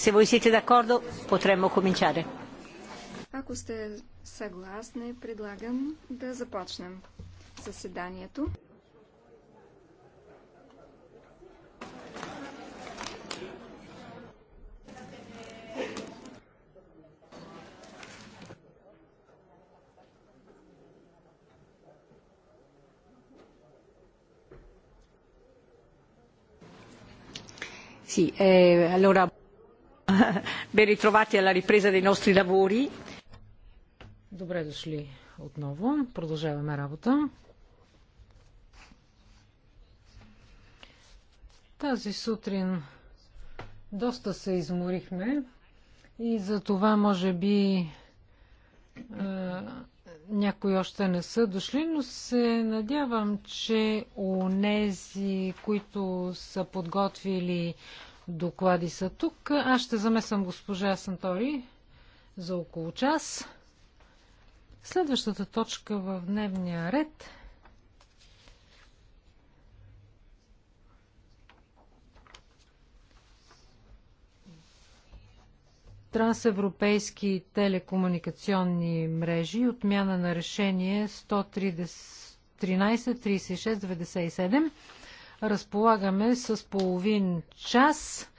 Se voi siete d'accordo, potremmo cominciare. Ако сте съгласни, предлагам да започнем заседанието. Sì, eh, allora Ben ritrovati alla ripresa dei nostri lavori. Добре дошли отново. Продължаваме работа. Тази сутрин доста се изморихме и за това може би е, някои още не са дошли, но се надявам, че у нези, които са подготвили доклади са тук. Аз ще замесвам госпожа Сантори за около час. Следващата точка в дневния ред трансевропейски телекомуникационни мрежи отмяна на решение 113 97 Разполагаме с половин час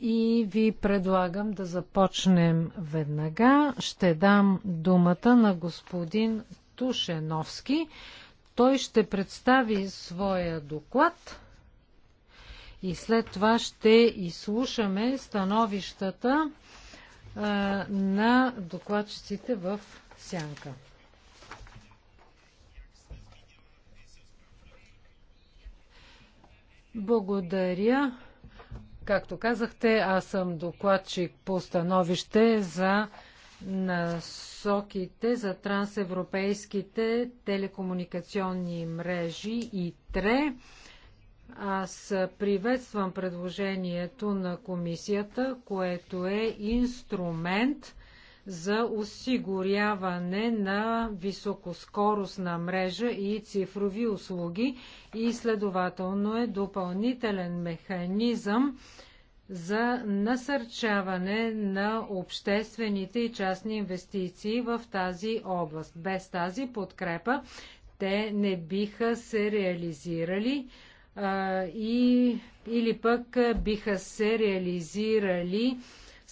и ви предлагам да започнем веднага. Ще дам думата на господин Тушеновски. Той ще представи своя доклад и след това ще изслушаме становищата на докладчиците в Сянка. Благодаря. Както казахте, аз съм докладчик по становище за насоките за трансевропейските телекомуникационни мрежи и ТРЕ. Аз приветствам предложението на комисията, което е инструмент за осигуряване на високоскоростна мрежа и цифрови услуги и следователно е допълнителен механизъм за насърчаване на обществените и частни инвестиции в тази област. Без тази подкрепа те не биха се реализирали а, и, или пък биха се реализирали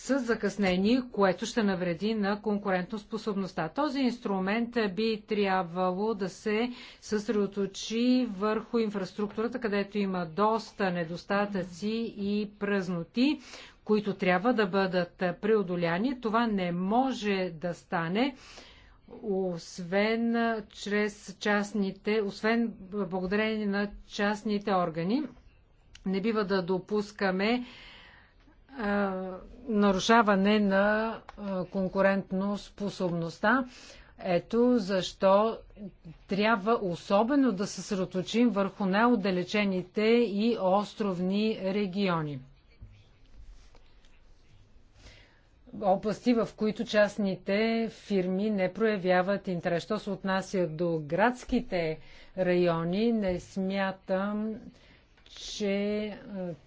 с закъснение, което ще навреди на конкурентоспособността. Този инструмент би трябвало да се съсредоточи върху инфраструктурата, където има доста недостатъци и празноти, които трябва да бъдат преодоляни. Това не може да стане освен чрез частните, освен благодарение на частните органи. Не бива да допускаме нарушаване на конкурентно способността. Ето защо трябва особено да се съсредоточим върху най-отдалечените и островни региони. Области, в които частните фирми не проявяват интерес. Що се отнася до градските райони, не смятам, че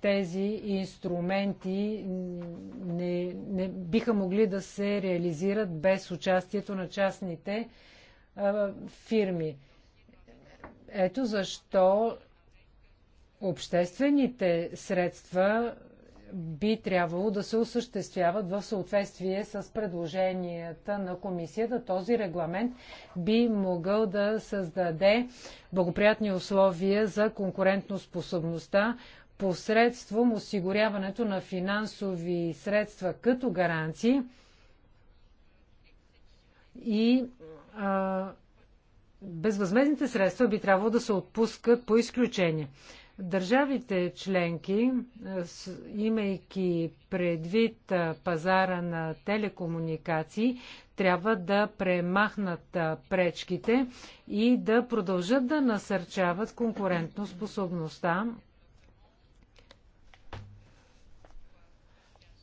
тези инструменти не, не биха могли да се реализират без участието на частните а, фирми. Ето защо обществените средства би трябвало да се осъществяват в съответствие с предложенията на комисията. Този регламент би могъл да създаде благоприятни условия за конкурентоспособността посредством осигуряването на финансови средства като гаранции и а, безвъзмезните средства би трябвало да се отпускат по изключение. Държавите членки, е, имайки предвид е, пазара на телекомуникации, трябва да премахнат е, пречките и да продължат да насърчават конкурентоспособността.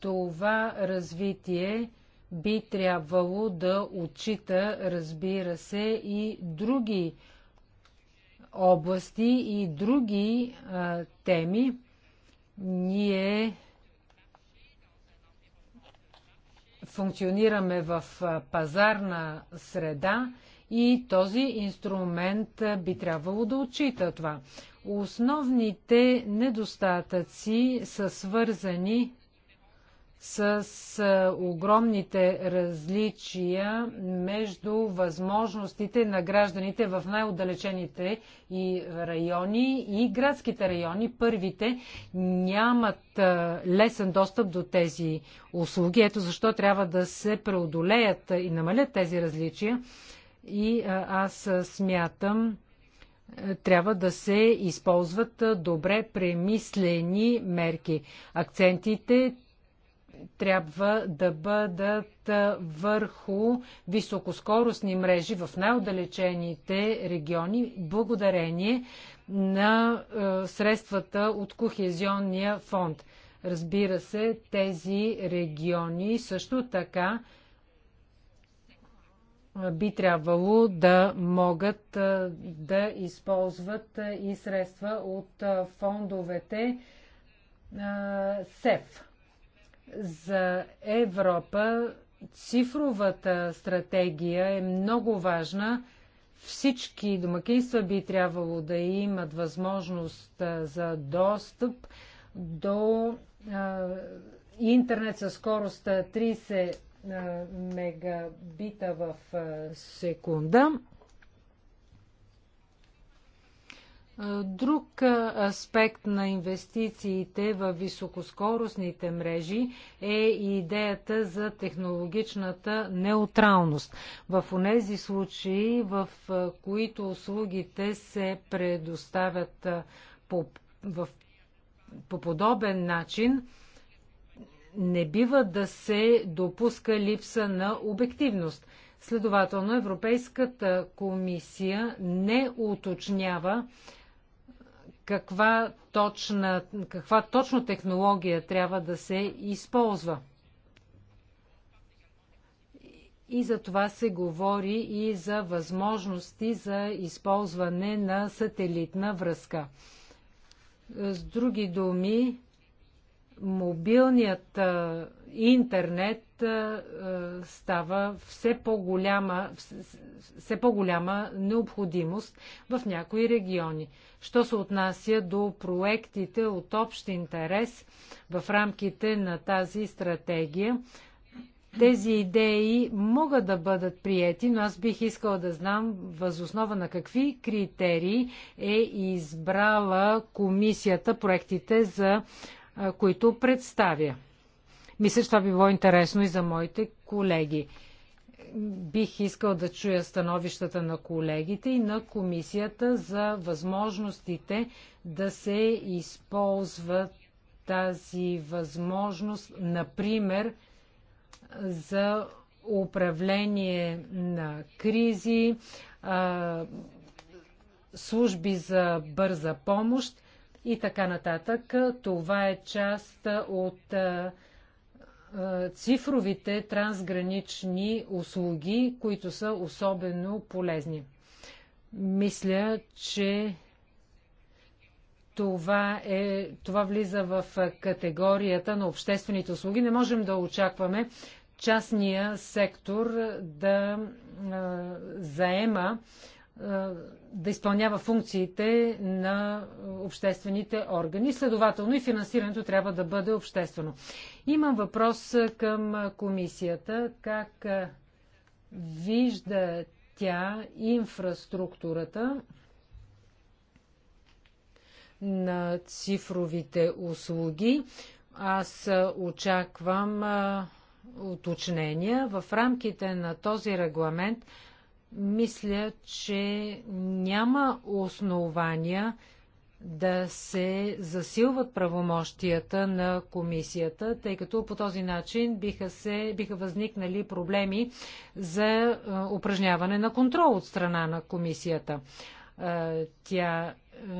Това развитие би трябвало да отчита, разбира се, и други области и други а, теми. Ние функционираме в пазарна среда и този инструмент би трябвало да отчита това. Основните недостатъци са свързани с огромните различия между възможностите на гражданите в най-отдалечените и райони и градските райони. Първите нямат лесен достъп до тези услуги. Ето защо трябва да се преодолеят и намалят тези различия. И аз смятам, трябва да се използват добре премислени мерки. Акцентите трябва да бъдат върху високоскоростни мрежи в най-отдалечените региони, благодарение на средствата от Кохезионния фонд. Разбира се, тези региони също така би трябвало да могат да използват и средства от фондовете СЕФ. За Европа цифровата стратегия е много важна. Всички домакинства би трябвало да имат възможност за достъп до а, интернет със скорост 30 мегабита в секунда. Друг аспект на инвестициите в високоскоростните мрежи е идеята за технологичната неутралност. В тези случаи, в които услугите се предоставят по, в, по подобен начин, не бива да се допуска липса на обективност. Следователно, Европейската комисия не уточнява каква, точна, каква точно технология трябва да се използва. И за това се говори и за възможности за използване на сателитна връзка. С други думи, мобилният интернет става все по-голяма, все по-голяма необходимост в някои региони. Що се отнася до проектите от общ интерес в рамките на тази стратегия, тези идеи могат да бъдат приети, но аз бих искала да знам възоснова на какви критерии е избрала комисията проектите, за които представя. Мисля, че това би било интересно и за моите колеги. Бих искал да чуя становищата на колегите и на комисията за възможностите да се използват тази възможност, например, за управление на кризи, служби за бърза помощ и така нататък. Това е част от е, цифровите трансгранични услуги, които са особено полезни. Мисля, че това, е, това влиза в категорията на обществените услуги. Не можем да очакваме частния сектор да а, е, заема, а, е, да изпълнява функциите на обществените органи. Следователно и финансирането трябва да бъде обществено. Имам въпрос към комисията. Как вижда тя инфраструктурата на цифровите услуги? Аз очаквам уточнения. В рамките на този регламент мисля, че няма основания да се засилват правомощията на комисията, тъй като по този начин биха, се, биха възникнали проблеми за е, упражняване на контрол от страна на комисията. Е, тя е,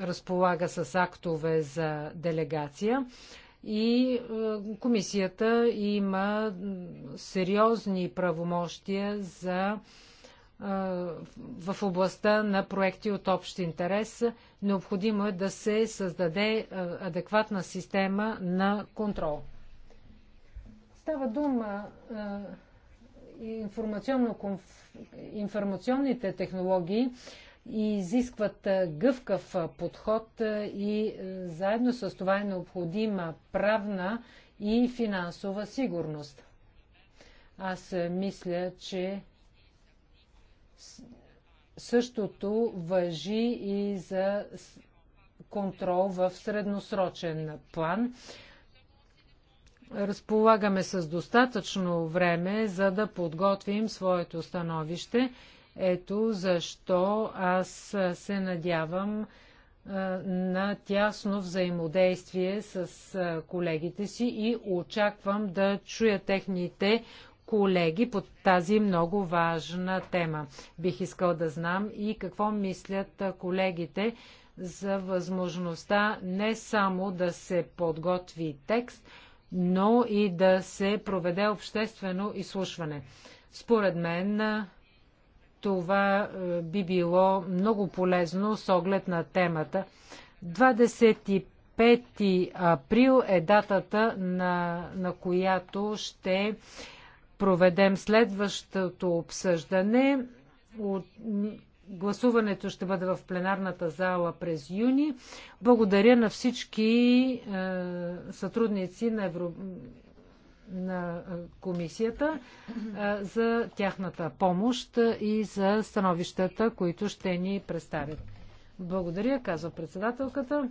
разполага с актове за делегация и комисията има сериозни правомощия за в областта на проекти от общ интерес. Необходимо е да се създаде адекватна система на контрол. Става дума информационните технологии и изискват гъвкав подход и заедно с това е необходима правна и финансова сигурност. Аз мисля, че Същото въжи и за контрол в средносрочен план. Разполагаме с достатъчно време, за да подготвим своето становище. Ето защо аз се надявам на тясно взаимодействие с колегите си и очаквам да чуя техните колеги под тази много важна тема. Бих искал да знам и какво мислят колегите за възможността не само да се подготви текст, но и да се проведе обществено изслушване. Според мен това би било много полезно с оглед на темата. 25 април е датата, на, на която ще проведем следващото обсъждане. От... Гласуването ще бъде в пленарната зала през юни. Благодаря на всички е, сътрудници на, Евро... на е, комисията е, за тяхната помощ и за становищата, които ще ни представят. Благодаря, казва председателката.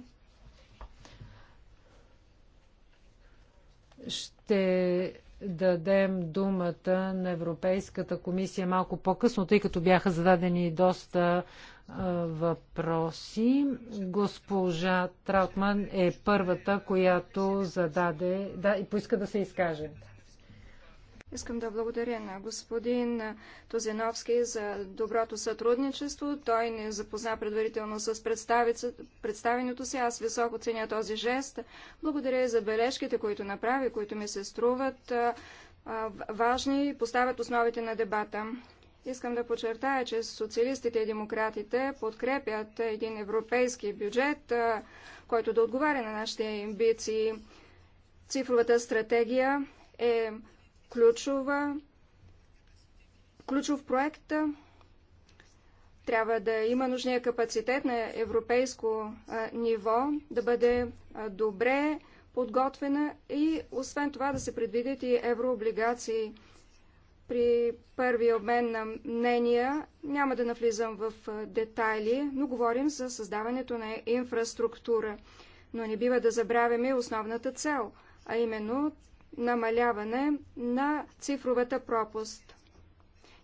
Ще дадем думата на Европейската комисия малко по-късно, тъй като бяха зададени доста а, въпроси. Госпожа Траутман е първата, която зададе да, и поиска да се изкаже. Искам да благодаря на господин Тозиновски за доброто сътрудничество. Той не запозна предварително с представенето си. Аз високо ценя този жест. Благодаря и за бележките, които направи, които ми се струват важни и поставят основите на дебата. Искам да подчертая, че социалистите и демократите подкрепят един европейски бюджет, който да отговаря на нашите амбиции. Цифровата стратегия е ключова, ключов проект. Трябва да има нужния капацитет на европейско а, ниво, да бъде а, добре подготвена и освен това да се предвидят и еврооблигации. При първи обмен на мнения няма да навлизам в детайли, но говорим за създаването на инфраструктура. Но не бива да забравяме основната цел, а именно намаляване на цифровата пропуст.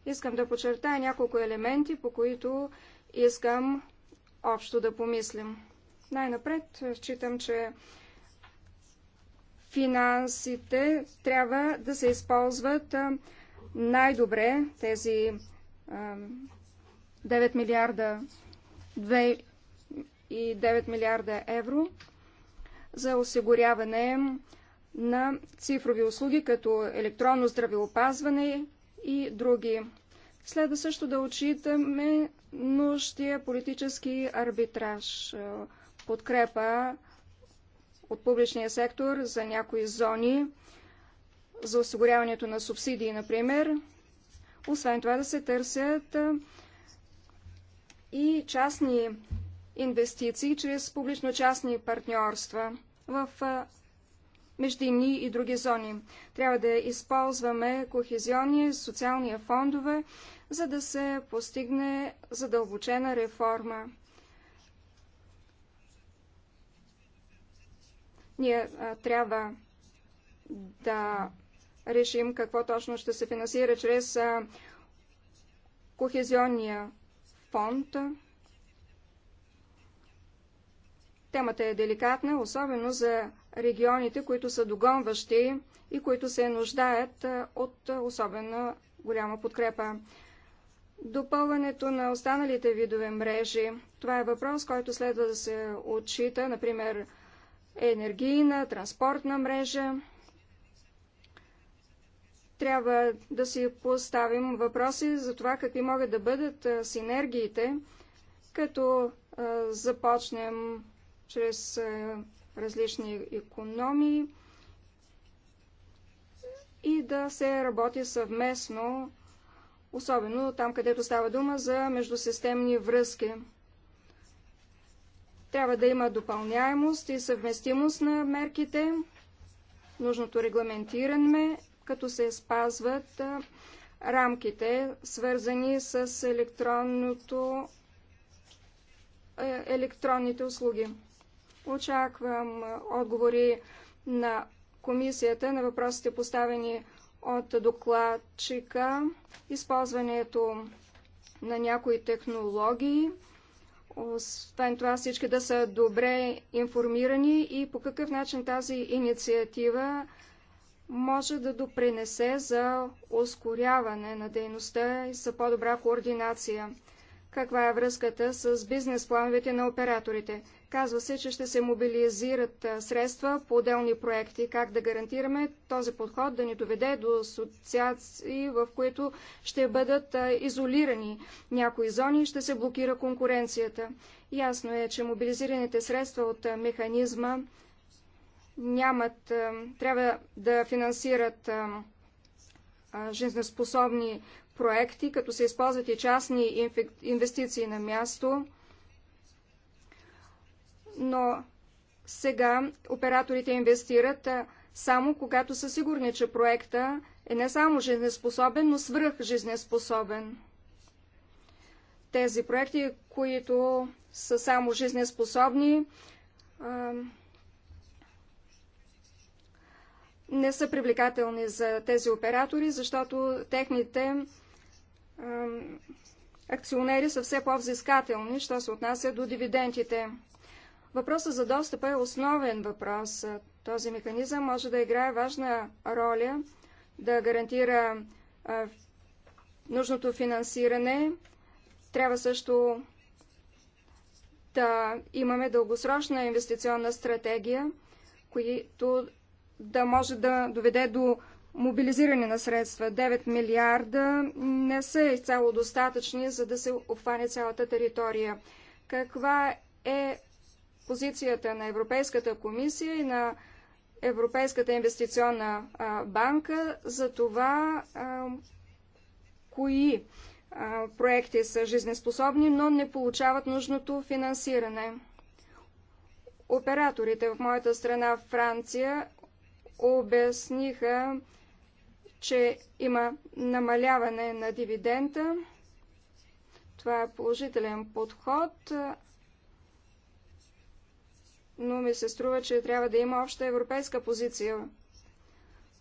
Искам да подчертая няколко елементи, по които искам общо да помислим. Най-напред считам, че финансите трябва да се използват най-добре тези 9 милиарда 2 и 9 милиарда евро за осигуряване на цифрови услуги, като електронно здравеопазване и други. Следва също да отчитаме нужния политически арбитраж, е, подкрепа от публичния сектор за някои зони, за осигуряването на субсидии, например. Освен това да се търсят е, и частни инвестиции чрез публично-частни партньорства в е, едни и други зони. Трябва да използваме кохезионни, социални фондове, за да се постигне задълбочена реформа. Ние а, трябва да решим какво точно ще се финансира чрез а, кохезионния фонд. Темата е деликатна, особено за регионите, които са догонващи и които се нуждаят от особена голяма подкрепа. Допълването на останалите видове мрежи. Това е въпрос, който следва да се отчита, например, енергийна, транспортна мрежа. Трябва да си поставим въпроси за това какви могат да бъдат синергиите, като започнем чрез различни економии и да се работи съвместно, особено там, където става дума за междусистемни връзки. Трябва да има допълняемост и съвместимост на мерките, нужното регламентиране, като се спазват рамките, свързани с електронното, е, електронните услуги. Очаквам отговори на комисията на въпросите поставени от докладчика, използването на някои технологии, освен това всички да са добре информирани и по какъв начин тази инициатива може да допринесе за ускоряване на дейността и за по-добра координация. Каква е връзката с бизнес плановете на операторите? Казва се, че ще се мобилизират средства по отделни проекти. Как да гарантираме този подход да ни доведе до асоциации, в които ще бъдат изолирани някои зони и ще се блокира конкуренцията. Ясно е, че мобилизираните средства от механизма нямат, трябва да финансират жизнеспособни проекти, като се използват и частни инвестиции на място – но сега операторите инвестират само когато са сигурни, че проекта е не само жизнеспособен, но свръх жизнеспособен. Тези проекти, които са само жизнеспособни, не са привлекателни за тези оператори, защото техните акционери са все по-взискателни, що се отнася до дивидендите. Въпросът за достъпа е основен въпрос. Този механизъм може да играе важна роля, да гарантира нужното финансиране. Трябва също да имаме дългосрочна инвестиционна стратегия, която да може да доведе до мобилизиране на средства. 9 милиарда не са изцяло достатъчни, за да се обхване цялата територия. Каква е позицията на Европейската комисия и на Европейската инвестиционна банка за това кои проекти са жизнеспособни, но не получават нужното финансиране. Операторите в моята страна Франция обясниха, че има намаляване на дивидента. Това е положителен подход, но ми се струва, че трябва да има обща европейска позиция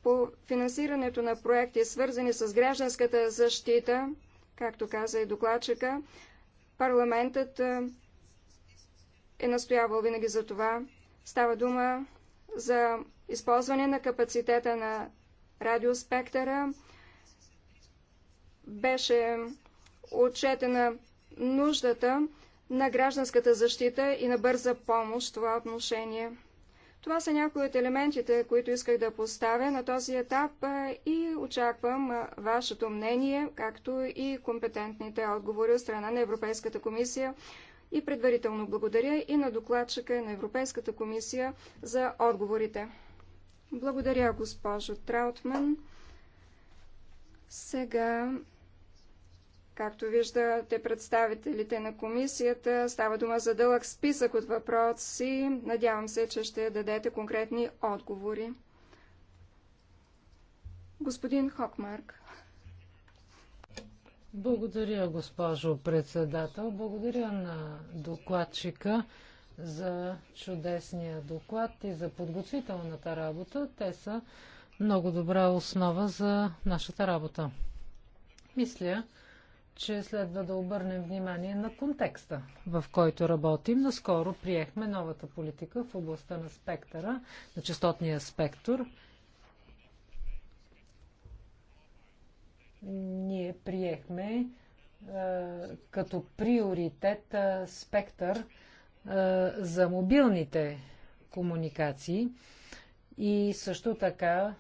по финансирането на проекти, свързани с гражданската защита, както каза и докладчика, парламентът е настоявал винаги за това. Става дума за използване на капацитета на радиоспектъра. Беше отчетена нуждата на гражданската защита и на бърза помощ в това отношение. Това са някои от елементите, които исках да поставя на този етап и очаквам вашето мнение, както и компетентните отговори от страна на Европейската комисия. И предварително благодаря и на докладчика на Европейската комисия за отговорите. Благодаря, госпожо Траутман. Сега Както виждате представителите на комисията, става дума за дълъг списък от въпроси. Надявам се, че ще дадете конкретни отговори. Господин Хокмарк. Благодаря, госпожо председател. Благодаря на докладчика за чудесния доклад и за подготвителната работа. Те са много добра основа за нашата работа. Мисля, че следва да обърнем внимание на контекста, в който работим. Наскоро приехме новата политика в областта на спектъра, на частотния спектър. Ние приехме е, като приоритет е, спектър е, за мобилните комуникации и също така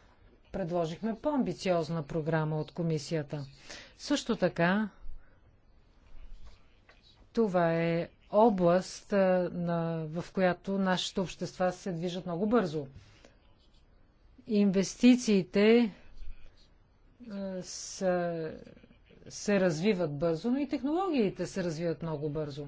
предложихме по-амбициозна програма от комисията. Също така това е област, на, в която нашите общества се движат много бързо. Инвестициите са, се развиват бързо, но и технологиите се развиват много бързо.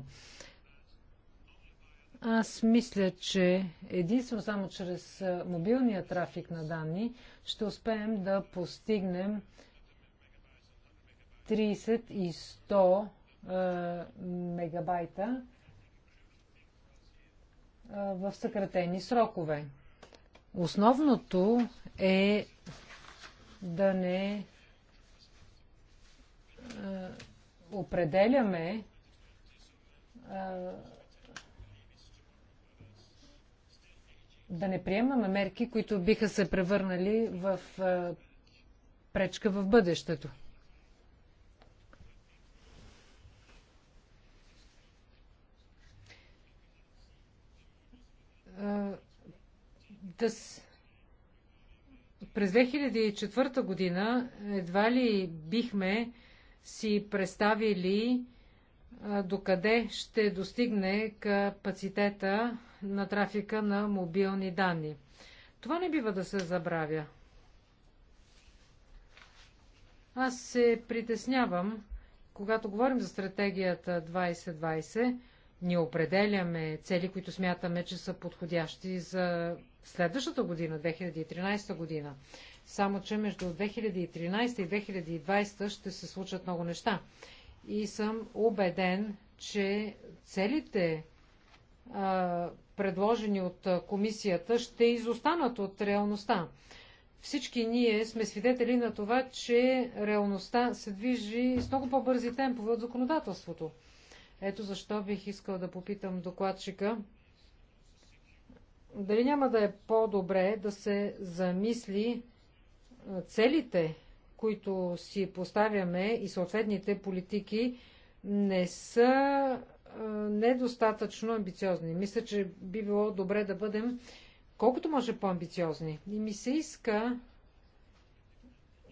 Аз мисля, че единствено само чрез мобилния трафик на данни ще успеем да постигнем 30 и 100 е, мегабайта е, в съкратени срокове. Основното е да не е, определяме да не приемаме мерки, които биха се превърнали в пречка в бъдещето. да През 2004 година едва ли бихме си представили докъде ще достигне капацитета на трафика на мобилни данни. Това не бива да се забравя. Аз се притеснявам, когато говорим за стратегията 2020, ние определяме цели, които смятаме, че са подходящи за следващата година, 2013 година. Само, че между 2013 и 2020 ще се случат много неща. И съм убеден, че целите, предложени от комисията, ще изостанат от реалността. Всички ние сме свидетели на това, че реалността се движи с много по-бързи темпове от законодателството. Ето защо бих искал да попитам докладчика. Дали няма да е по-добре да се замисли е, целите, които си поставяме и съответните политики не са е, недостатъчно амбициозни. Мисля, че би било добре да бъдем колкото може по-амбициозни. И ми се иска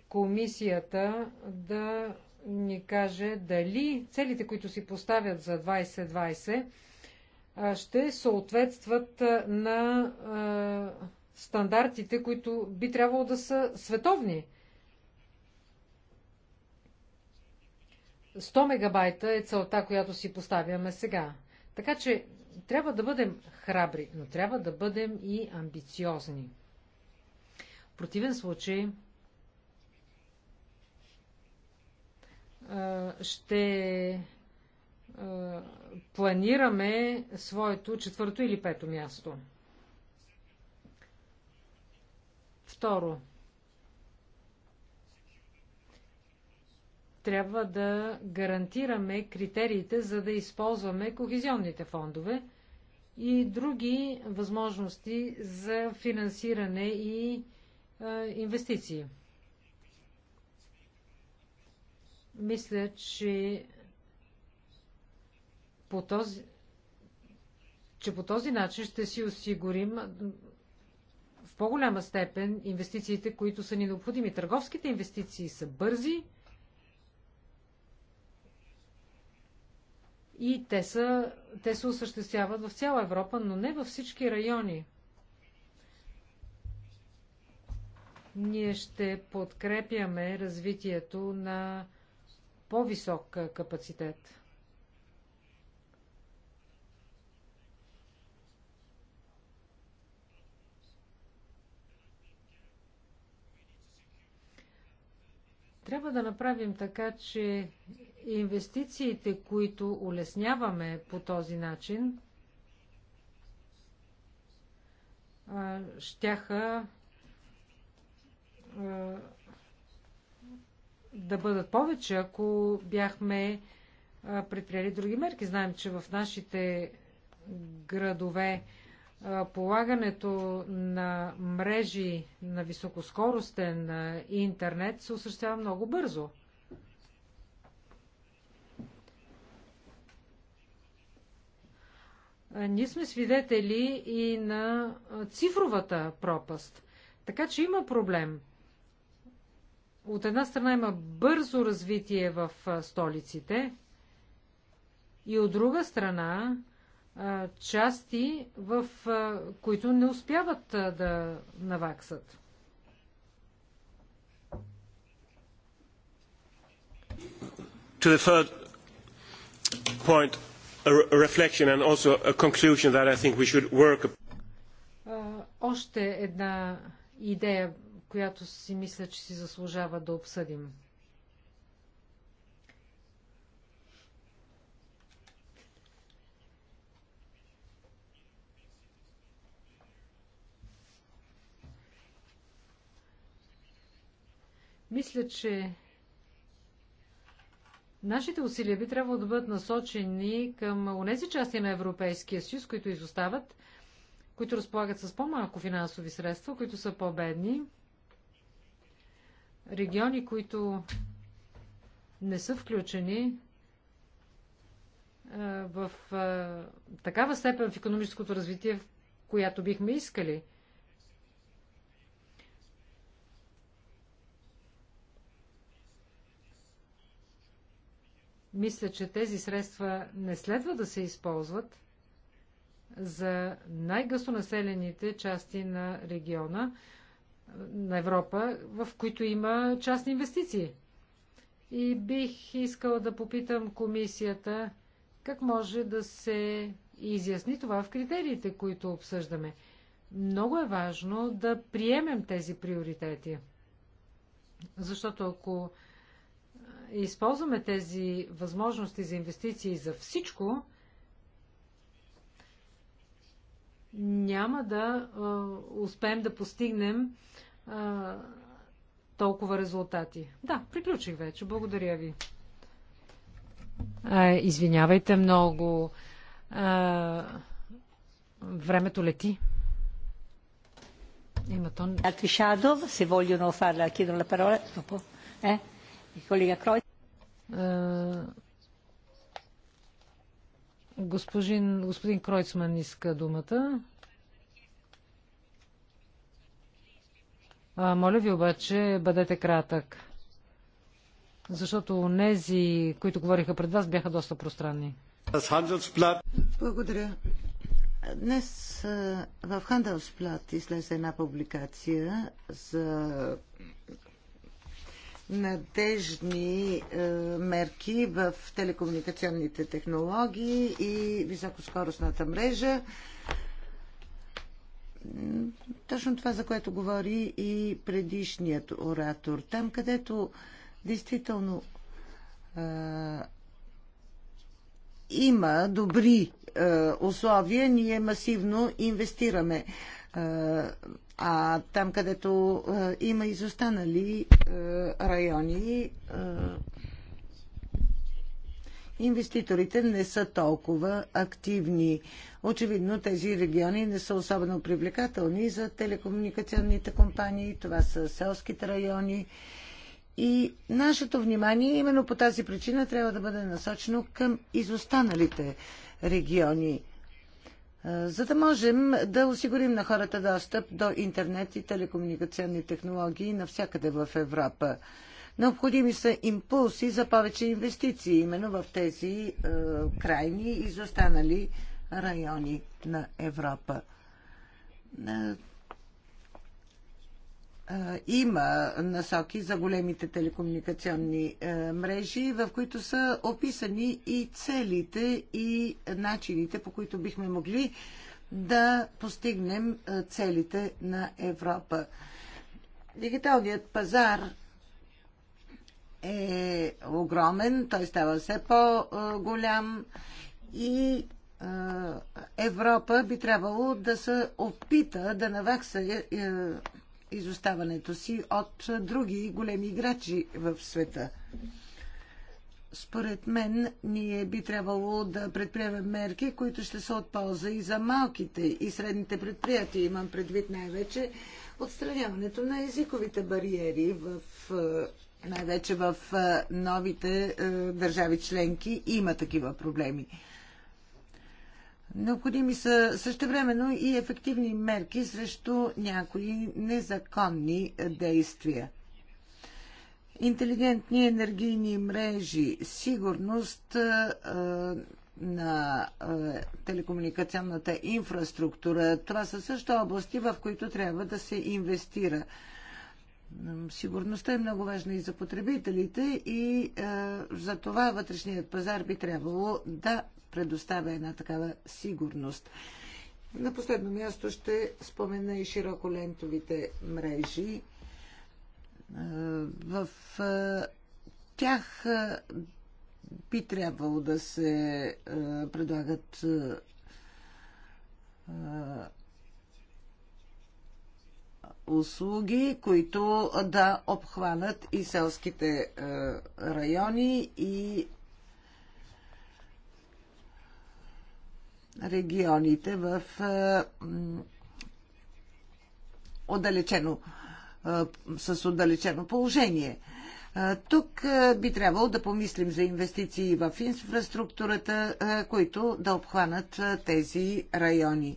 комисията да ни каже дали целите, които си поставят за 2020, ще съответстват на стандартите, които би трябвало да са световни. 100 мегабайта е целта, която си поставяме сега. Така че трябва да бъдем храбри, но трябва да бъдем и амбициозни. В противен случай ще планираме своето четвърто или пето място. Второ. Трябва да гарантираме критериите, за да използваме кохезионните фондове и други възможности за финансиране и е, инвестиции. Мисля, че по този, че по този начин ще си осигурим в по-голяма степен инвестициите, които са ни необходими. Търговските инвестиции са бързи и те, са, те се осъществяват в цяла Европа, но не във всички райони. Ние ще подкрепяме развитието на по-висок капацитет. Трябва да направим така, че инвестициите, които улесняваме по този начин, щяха да бъдат повече, ако бяхме предприели други мерки. Знаем, че в нашите градове полагането на мрежи на високоскоростен интернет се осъществява много бързо. Ние сме свидетели и на цифровата пропаст. Така че има проблем – от една страна има бързо развитие в столиците и от друга страна части, в които не успяват да наваксат. To the third point, a, a reflection and also a conclusion that I think we should work. Uh, още една идея която си мисля, че си заслужава да обсъдим. Мисля, че Нашите усилия би трябвало да бъдат насочени към онези части на Европейския съюз, които изостават, които разполагат с по-малко финансови средства, които са по-бедни региони, които не са включени в такава степен в економическото развитие, в която бихме искали. Мисля, че тези средства не следва да се използват за най-гъстонаселените части на региона, на Европа, в които има частни инвестиции. И бих искала да попитам комисията как може да се изясни това в критериите, които обсъждаме. Много е важно да приемем тези приоритети. Защото ако използваме тези възможности за инвестиции за всичко, няма да а, успеем да постигнем а, толкова резултати. Да, приключих вече. Благодаря ви. А, извинявайте много. А, времето лети. Има тон. Altri shadow, se vogliono farla, chiedono la parola dopo. Eh? Il collega Croy. Господин, господин Кройцман иска думата. А, моля ви обаче, бъдете кратък. Защото нези, които говориха пред вас, бяха доста пространни. Благодаря. Днес в Хандалсплат излезе една публикация за надежни е, мерки в телекомуникационните технологии и високоскоростната мрежа. Точно това, за което говори и предишният оратор. Там, където действително е, има добри е, условия, ние масивно инвестираме. Е, а там, където а, има изостанали а, райони, а, инвеститорите не са толкова активни. Очевидно тези региони не са особено привлекателни за телекомуникационните компании. Това са селските райони. И нашето внимание именно по тази причина трябва да бъде насочено към изостаналите региони за да можем да осигурим на хората достъп до интернет и телекомуникационни технологии навсякъде в Европа. Необходими са импулси за повече инвестиции именно в тези е, крайни изостанали райони на Европа има насоки за големите телекомуникационни е, мрежи, в които са описани и целите и начините, по които бихме могли да постигнем е, целите на Европа. Дигиталният пазар е огромен, той става все по-голям и е, Европа би трябвало да се опита да навакса изоставането си от други големи играчи в света. Според мен, ние би трябвало да предприемем мерки, които ще са от полза и за малките и средните предприятия. Имам предвид най-вече отстраняването на езиковите бариери в е, най-вече в е, новите е, държави членки има такива проблеми. Необходими са същевременно и ефективни мерки срещу някои незаконни е, действия. Интелигентни енергийни мрежи, сигурност е, е, на телекомуникационната инфраструктура. Това са също области, в които трябва да се инвестира. Сигурността е много важна и за потребителите и е, за това вътрешният пазар би трябвало да предоставя една такава сигурност. На последно място ще спомена и широколентовите мрежи. Е, в е, тях е, би трябвало да се предлагат услуги, които да обхванат и селските райони и регионите в е, отдалечено, е, с отдалечено положение. Е, тук би трябвало да помислим за инвестиции в инфраструктурата, които да обхванат тези райони.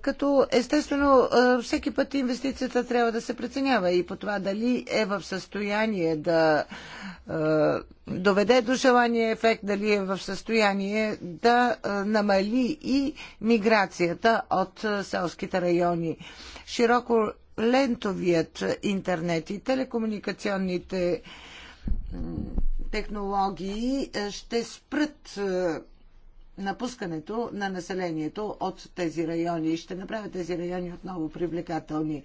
Като естествено всеки път инвестицията трябва да се преценява и по това дали е в състояние да доведе до желания ефект, дали е в състояние да намали и миграцията от селските райони. Широко лентовият интернет и телекомуникационните технологии ще спрат напускането на населението от тези райони и ще направя тези райони отново привлекателни.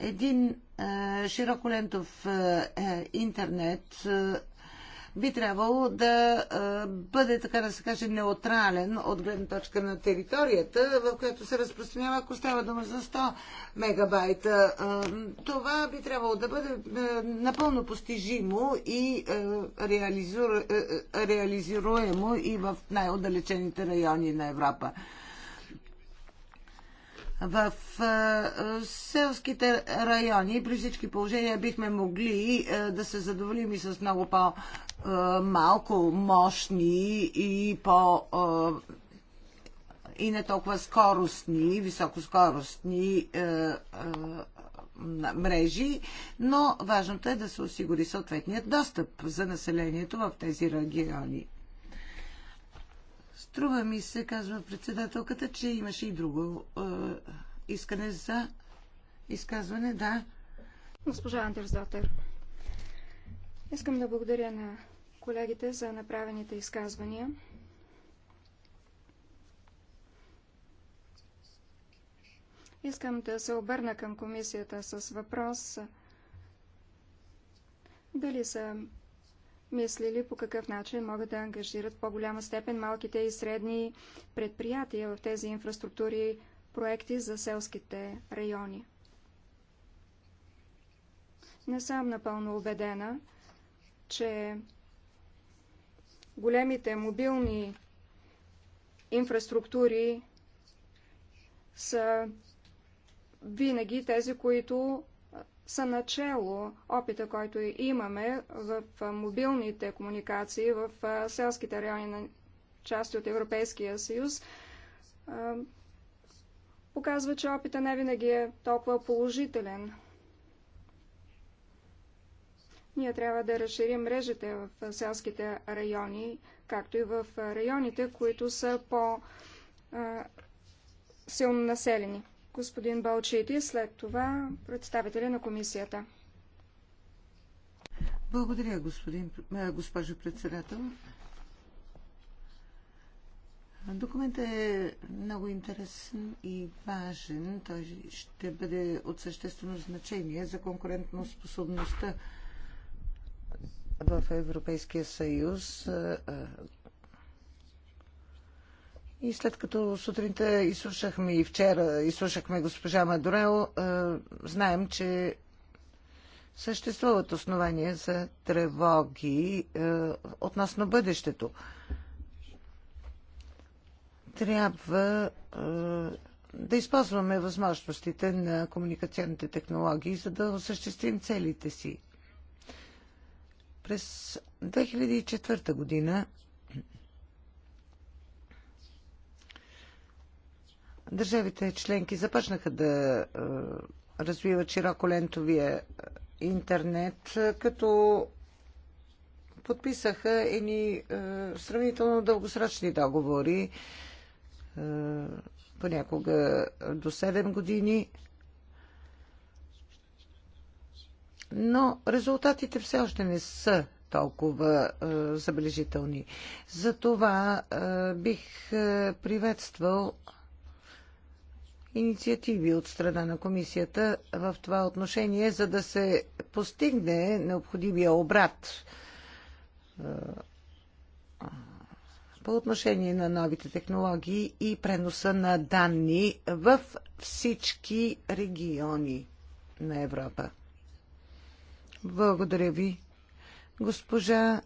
Един е, широколентов е, е интернет е, би трябвало да бъде, така да се каже, неутрален от гледна точка на територията, в която се разпространява, ако става дума за 100 мегабайта. Това би трябвало да бъде напълно постижимо и реализируемо и в най-отдалечените райони на Европа. В селските райони при всички положения бихме могли да се задоволим и с много по- е, малко мощни и по е, и не толкова скоростни, високоскоростни е, мрежи, но важното е да се осигури съответният достъп за населението в тези региони. Струва ми се, казва председателката, че имаше и друго искане за изказване, да. Госпожа Андерзатер. Искам да благодаря на колегите за направените изказвания. Искам да се обърна към комисията с въпрос дали са мислили по какъв начин могат да ангажират в по-голяма степен малките и средни предприятия в тези инфраструктури проекти за селските райони. Не съм напълно убедена, че големите мобилни инфраструктури са винаги тези, които са начало опита, който имаме в мобилните комуникации в селските райони на части от Европейския съюз, показва, че опита не винаги е толкова положителен. Ние трябва да разширим мрежите в селските райони, както и в районите, които са по-силно населени. Господин Балчити, след това представители на комисията. Благодаря, господин, госпожо председател. Документът е много интересен и важен. Той ще бъде от съществено значение за конкурентно способността в Европейския съюз. И след като сутринта изслушахме и вчера изслушахме госпожа Мадурел, знаем, че съществуват основания за тревоги относно бъдещето. Трябва да използваме възможностите на комуникационните технологии, за да осъществим целите си. През 2004 година държавите членки започнаха да е, развиват широколентовия е, интернет, е, като подписаха едни сравнително дългосрочни договори, понякога до 7 години. но резултатите все още не са толкова е, забележителни. Затова е, бих е, приветствал инициативи от страна на комисията в това отношение, за да се постигне необходимия обрат е, по отношение на новите технологии и преноса на данни в всички региони на Европа. Благодаря ви. Госпожа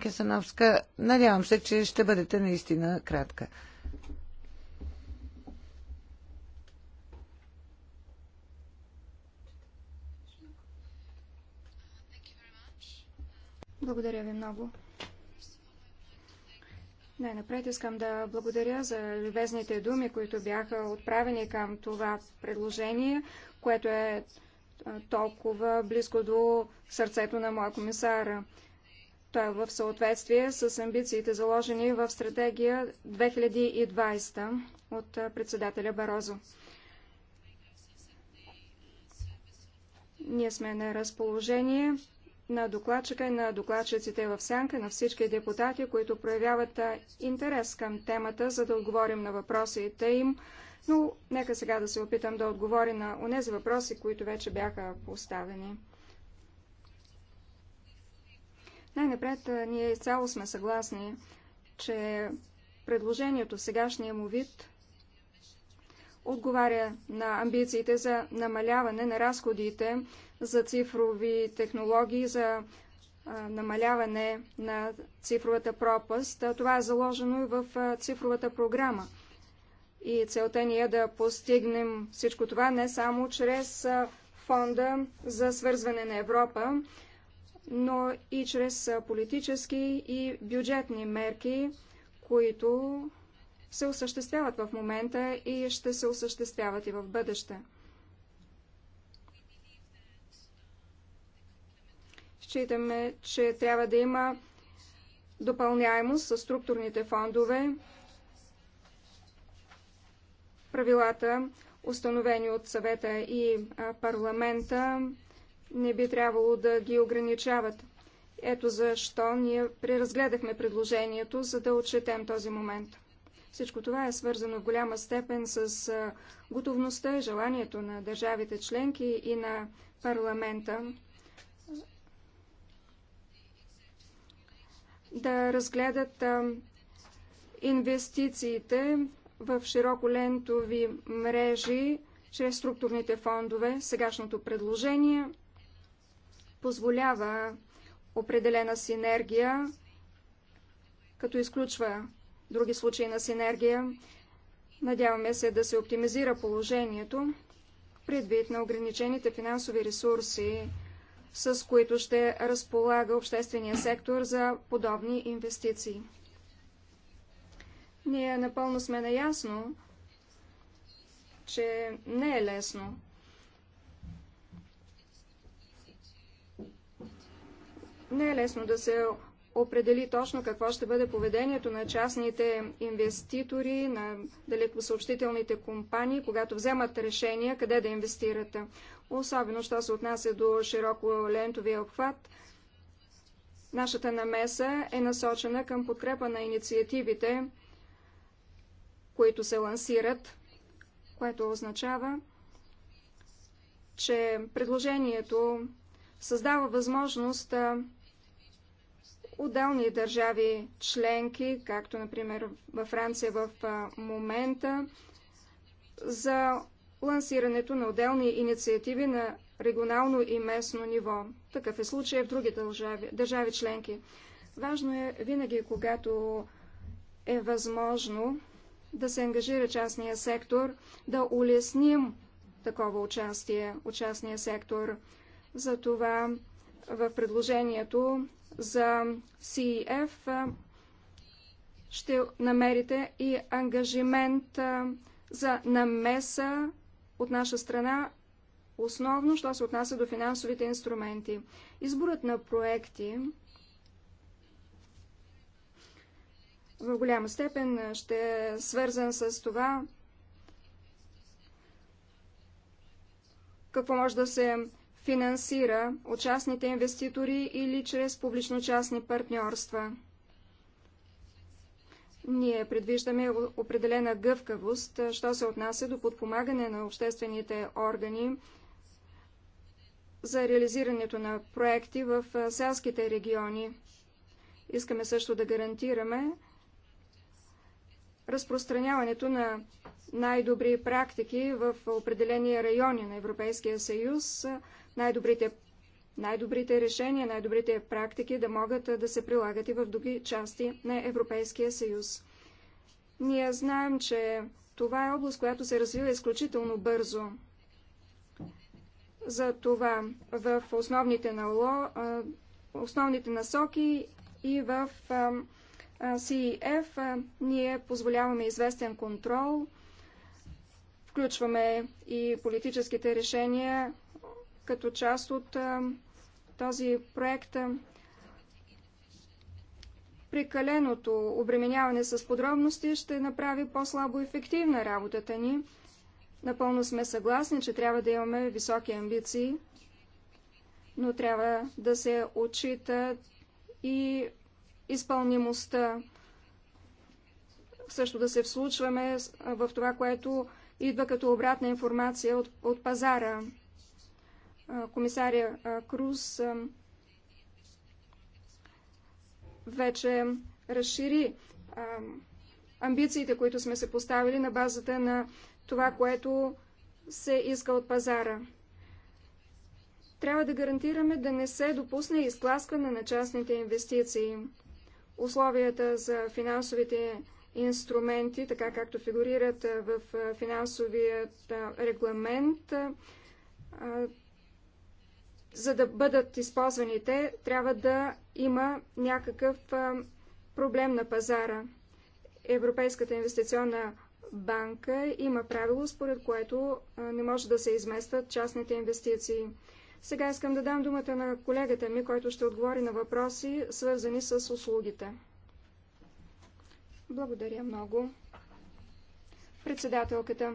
Кесановска, надявам се, че ще бъдете наистина кратка. Благодаря ви много. Най-напред искам да благодаря за любезните думи, които бяха отправени към това предложение, което е толкова близко до сърцето на моя комисар. Той е в съответствие с амбициите заложени в стратегия 2020 от председателя Барозо. Ние сме на разположение на докладчика и на докладчиците в сянка, на всички депутати, които проявяват интерес към темата, за да отговорим на въпросите им. Но нека сега да се опитам да отговоря на онези въпроси, които вече бяха поставени. Най-напред ние изцяло сме съгласни, че предложението в сегашния му вид отговаря на амбициите за намаляване на разходите за цифрови технологии, за намаляване на цифровата пропаст. Това е заложено и в цифровата програма. И целта ни е да постигнем всичко това не само чрез фонда за свързване на Европа, но и чрез политически и бюджетни мерки, които се осъществяват в момента и ще се осъществяват и в бъдеще. Считаме, че трябва да има допълняемост с структурните фондове, правилата, установени от съвета и парламента, не би трябвало да ги ограничават. Ето защо ние преразгледахме предложението, за да отчетем този момент. Всичко това е свързано в голяма степен с готовността и желанието на държавите членки и на парламента да разгледат инвестициите в широколентови мрежи чрез структурните фондове. Сегашното предложение позволява определена синергия, като изключва други случаи на синергия. Надяваме се да се оптимизира положението предвид на ограничените финансови ресурси с които ще разполага обществения сектор за подобни инвестиции. Ние напълно сме наясно, че не е лесно. Не е лесно да се определи точно какво ще бъде поведението на частните инвеститори, на далекосъобщителните компании, когато вземат решения къде да инвестират особено що се отнася до широко лентовия обхват. Нашата намеса е насочена към подкрепа на инициативите, които се лансират, което означава, че предложението създава възможност отделни държави членки, както например във Франция в момента, за лансирането на отделни инициативи на регионално и местно ниво. Такъв е случай в други държави, държави членки. Важно е винаги, когато е възможно да се ангажира частния сектор, да улесним такова участие от частния сектор. Затова в предложението за CEF ще намерите и ангажимент за намеса от наша страна, основно, що се отнася до финансовите инструменти. Изборът на проекти в голяма степен ще е свързан с това, какво може да се финансира от частните инвеститори или чрез публично-частни партньорства. Ние предвиждаме определена гъвкавост, що се отнася до подпомагане на обществените органи за реализирането на проекти в селските региони. Искаме също да гарантираме разпространяването на най-добри практики в определени райони на Европейския съюз, най-добрите най-добрите решения, най-добрите практики да могат да се прилагат и в други части на Европейския съюз. Ние знаем, че това е област, която се развива изключително бързо. за това в основните, нало, основните насоки и в CEF ние позволяваме известен контрол, включваме и политическите решения като част от този проект. Прекаленото обременяване с подробности ще направи по-слабо ефективна работата ни. Напълно сме съгласни, че трябва да имаме високи амбиции, но трябва да се отчита и изпълнимостта. Също да се вслучваме в това, което идва като обратна информация от, от пазара комисаря Круз вече разшири амбициите, които сме се поставили на базата на това, което се иска от пазара. Трябва да гарантираме да не се допусне изтласкване на частните инвестиции. Условията за финансовите инструменти, така както фигурират в финансовият регламент, за да бъдат използвани те, трябва да има някакъв проблем на пазара. Европейската инвестиционна банка има правило, според което не може да се изместват частните инвестиции. Сега искам да дам думата на колегата ми, който ще отговори на въпроси, свързани с услугите. Благодаря много. Председателката.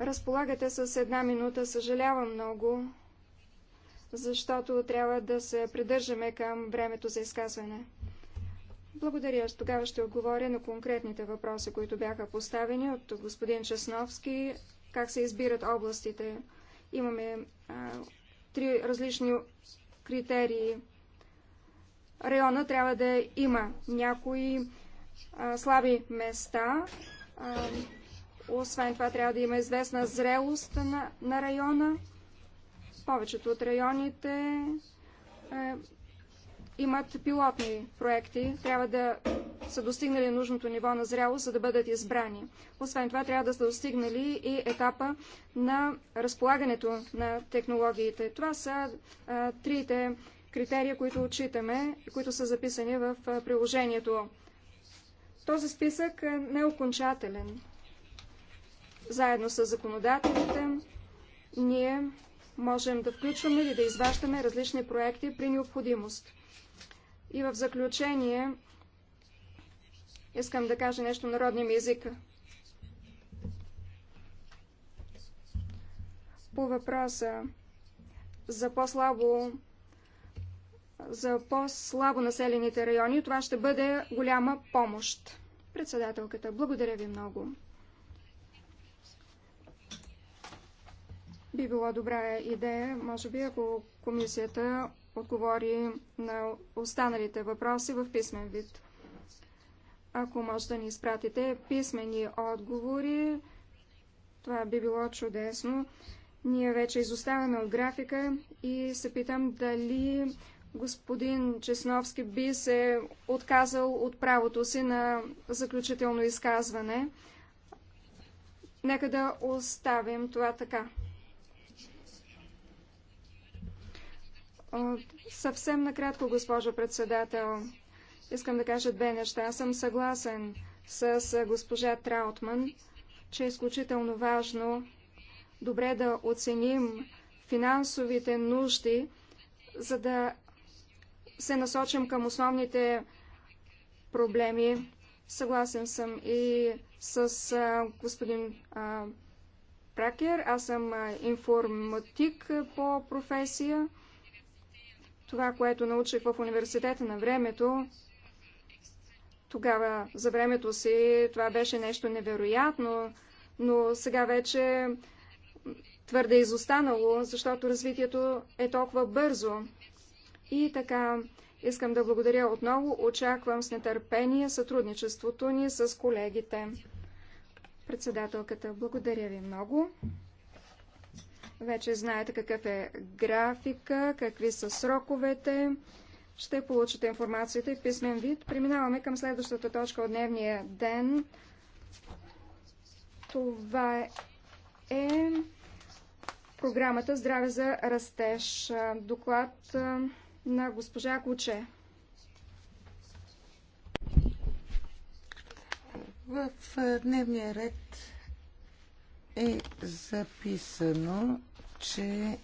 Разполагате с една минута. Съжалявам много защото трябва да се придържаме към времето за изказване. Благодаря. Тогава ще отговоря на конкретните въпроси, които бяха поставени от господин Чесновски. Как се избират областите? Имаме а, три различни критерии. Района трябва да има някои а, слаби места. А, освен това трябва да има известна зрелост на, на района повечето от районите е, имат пилотни проекти, трябва да са достигнали нужното ниво на зрялост, за да бъдат избрани. Освен това, трябва да са достигнали и етапа на разполагането на технологиите. Това са е, трите критерия, които отчитаме, които са записани в е, приложението. Този списък не е окончателен. Заедно с законодателите ние можем да включваме или да изваждаме различни проекти при необходимост. И в заключение искам да кажа нещо народния ми език. По въпроса за по-слабо за по-слабо населените райони, това ще бъде голяма помощ. Председателката, благодаря ви много. Би било добра идея, може би, ако комисията отговори на останалите въпроси в писмен вид. Ако може да ни изпратите писмени отговори, това би било чудесно. Ние вече изоставаме от графика и се питам дали господин Чесновски би се отказал от правото си на заключително изказване. Нека да оставим това така. Съвсем накратко, госпожо председател, искам да кажа две неща. Аз съм съгласен с госпожа Траутман, че е изключително важно добре да оценим финансовите нужди, за да се насочим към основните проблеми. Съгласен съм и с а, господин а, Пракер. Аз съм информатик по професия. Това, което научих в университета на времето, тогава за времето си това беше нещо невероятно, но сега вече твърде изостанало, защото развитието е толкова бързо. И така, искам да благодаря отново. Очаквам с нетърпение сътрудничеството ни с колегите. Председателката, благодаря ви много. Вече знаете какъв е графика, какви са сроковете. Ще получите информацията и в писмен вид. Преминаваме към следващата точка от дневния ден. Това е програмата Здраве за растеж. Доклад на госпожа Куче. В дневния ред е записано, че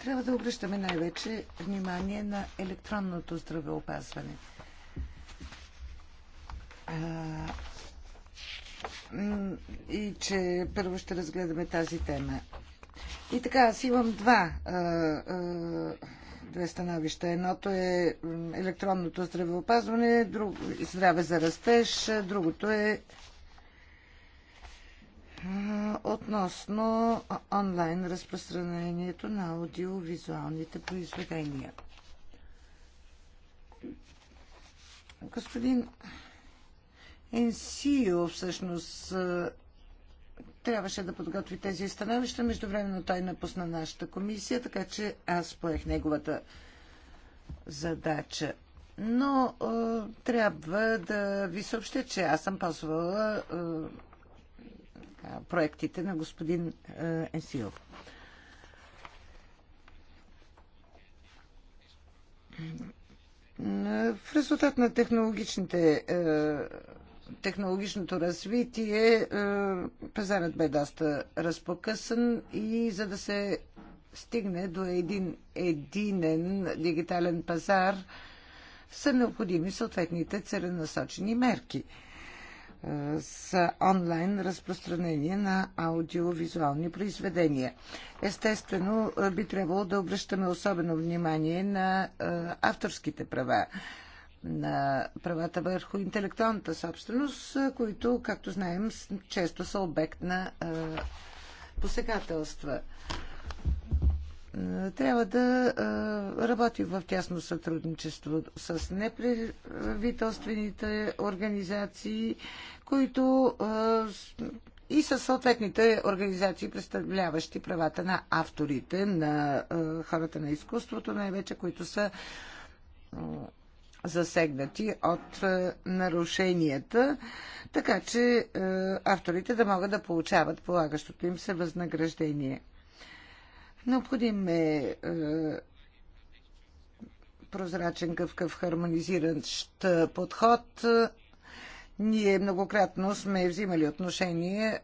трябва да обръщаме най-вече внимание на електронното здравеопазване. и че първо ще разгледаме тази тема. И така, аз имам два, две становища. Едното е електронното здравеопазване, друго, здраве за растеж, другото е относно онлайн разпространението на аудиовизуалните произведения. Господин Енсио всъщност трябваше да подготви тези становища. Междувременно той напусна нашата комисия, така че аз поех неговата задача. Но е, трябва да ви съобщя, че аз съм пасвала е, проектите на господин Енсио. В резултат на технологичните, технологичното развитие пазарът бе доста разпокъсан и за да се стигне до един единен дигитален пазар, са необходими съответните целенасочени мерки – с онлайн разпространение на аудиовизуални произведения. Естествено, би трябвало да обръщаме особено внимание на авторските права, на правата върху интелектуалната собственост, които, както знаем, често са обект на посегателства трябва да работи в тясно сътрудничество с неправителствените организации, които и с съответните организации, представляващи правата на авторите, на хората на изкуството, най-вече които са засегнати от нарушенията, така че авторите да могат да получават полагащото им се възнаграждение. Необходим е, е прозрачен, гъвкав, хармонизиращ е, подход. Е, ние многократно сме взимали отношение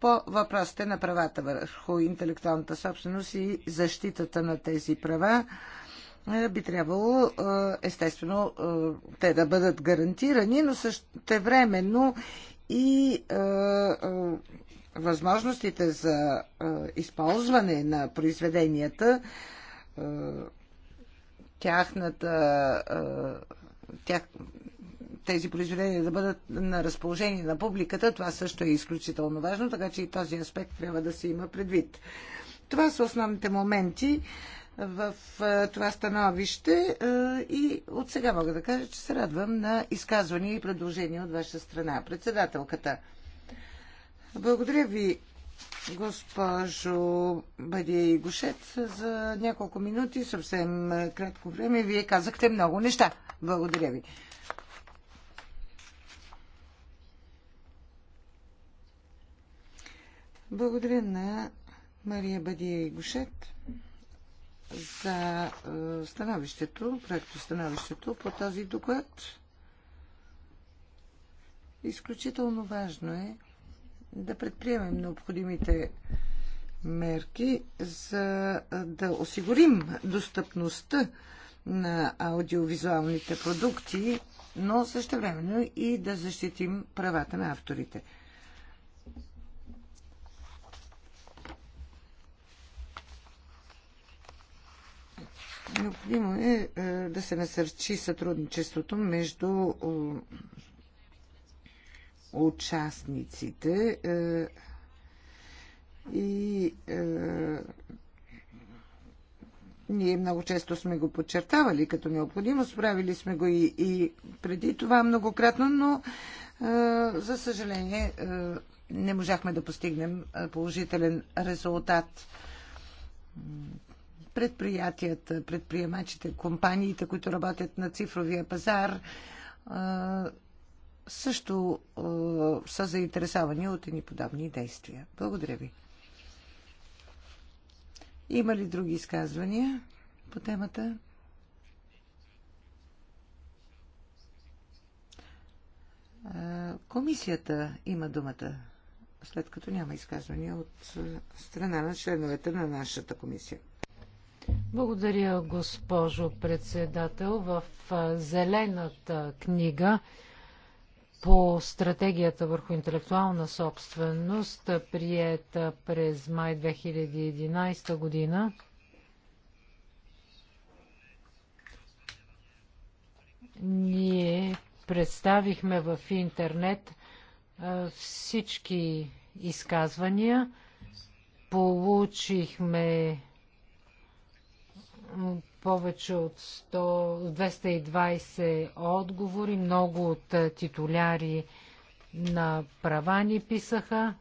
по въпросите на правата върху интелектуалната собственост и защитата на тези права. Би трябвало, естествено, те да бъдат гарантирани, но също времено и възможностите за използване на произведенията, тяхната, тях, тези произведения да бъдат на разположение на публиката, това също е изключително важно, така че и този аспект трябва да се има предвид. Това са основните моменти в това становище и от сега мога да кажа, че се радвам на изказвания и предложения от ваша страна. Председателката. Благодаря ви, госпожо Бадия Игошет, за няколко минути, съвсем кратко време. Вие казахте много неща. Благодаря ви. Благодаря на Мария Бадия Игошет за становището, проекто становището по този доклад. Изключително важно е да предприемем необходимите мерки, за да осигурим достъпността на аудиовизуалните продукти, но времено и да защитим правата на авторите. Необходимо е, е да се насърчи сътрудничеството между участниците е, и е, ние много често сме го подчертавали като необходимо, справили сме го и, и преди това многократно, но е, за съжаление е, не можахме да постигнем е, положителен резултат. Предприятията, предприемачите, компаниите, които работят на цифровия пазар, също е, са заинтересовани от едни подобни действия. Благодаря ви. Има ли други изказвания по темата? Комисията има думата, след като няма изказвания от страна на членовете на нашата комисия. Благодаря, госпожо председател. В Зелената книга по стратегията върху интелектуална собственост, приета през май 2011 година, ние представихме в интернет всички изказвания, получихме повече от 100, 220 отговори. Много от титуляри на права ни писаха.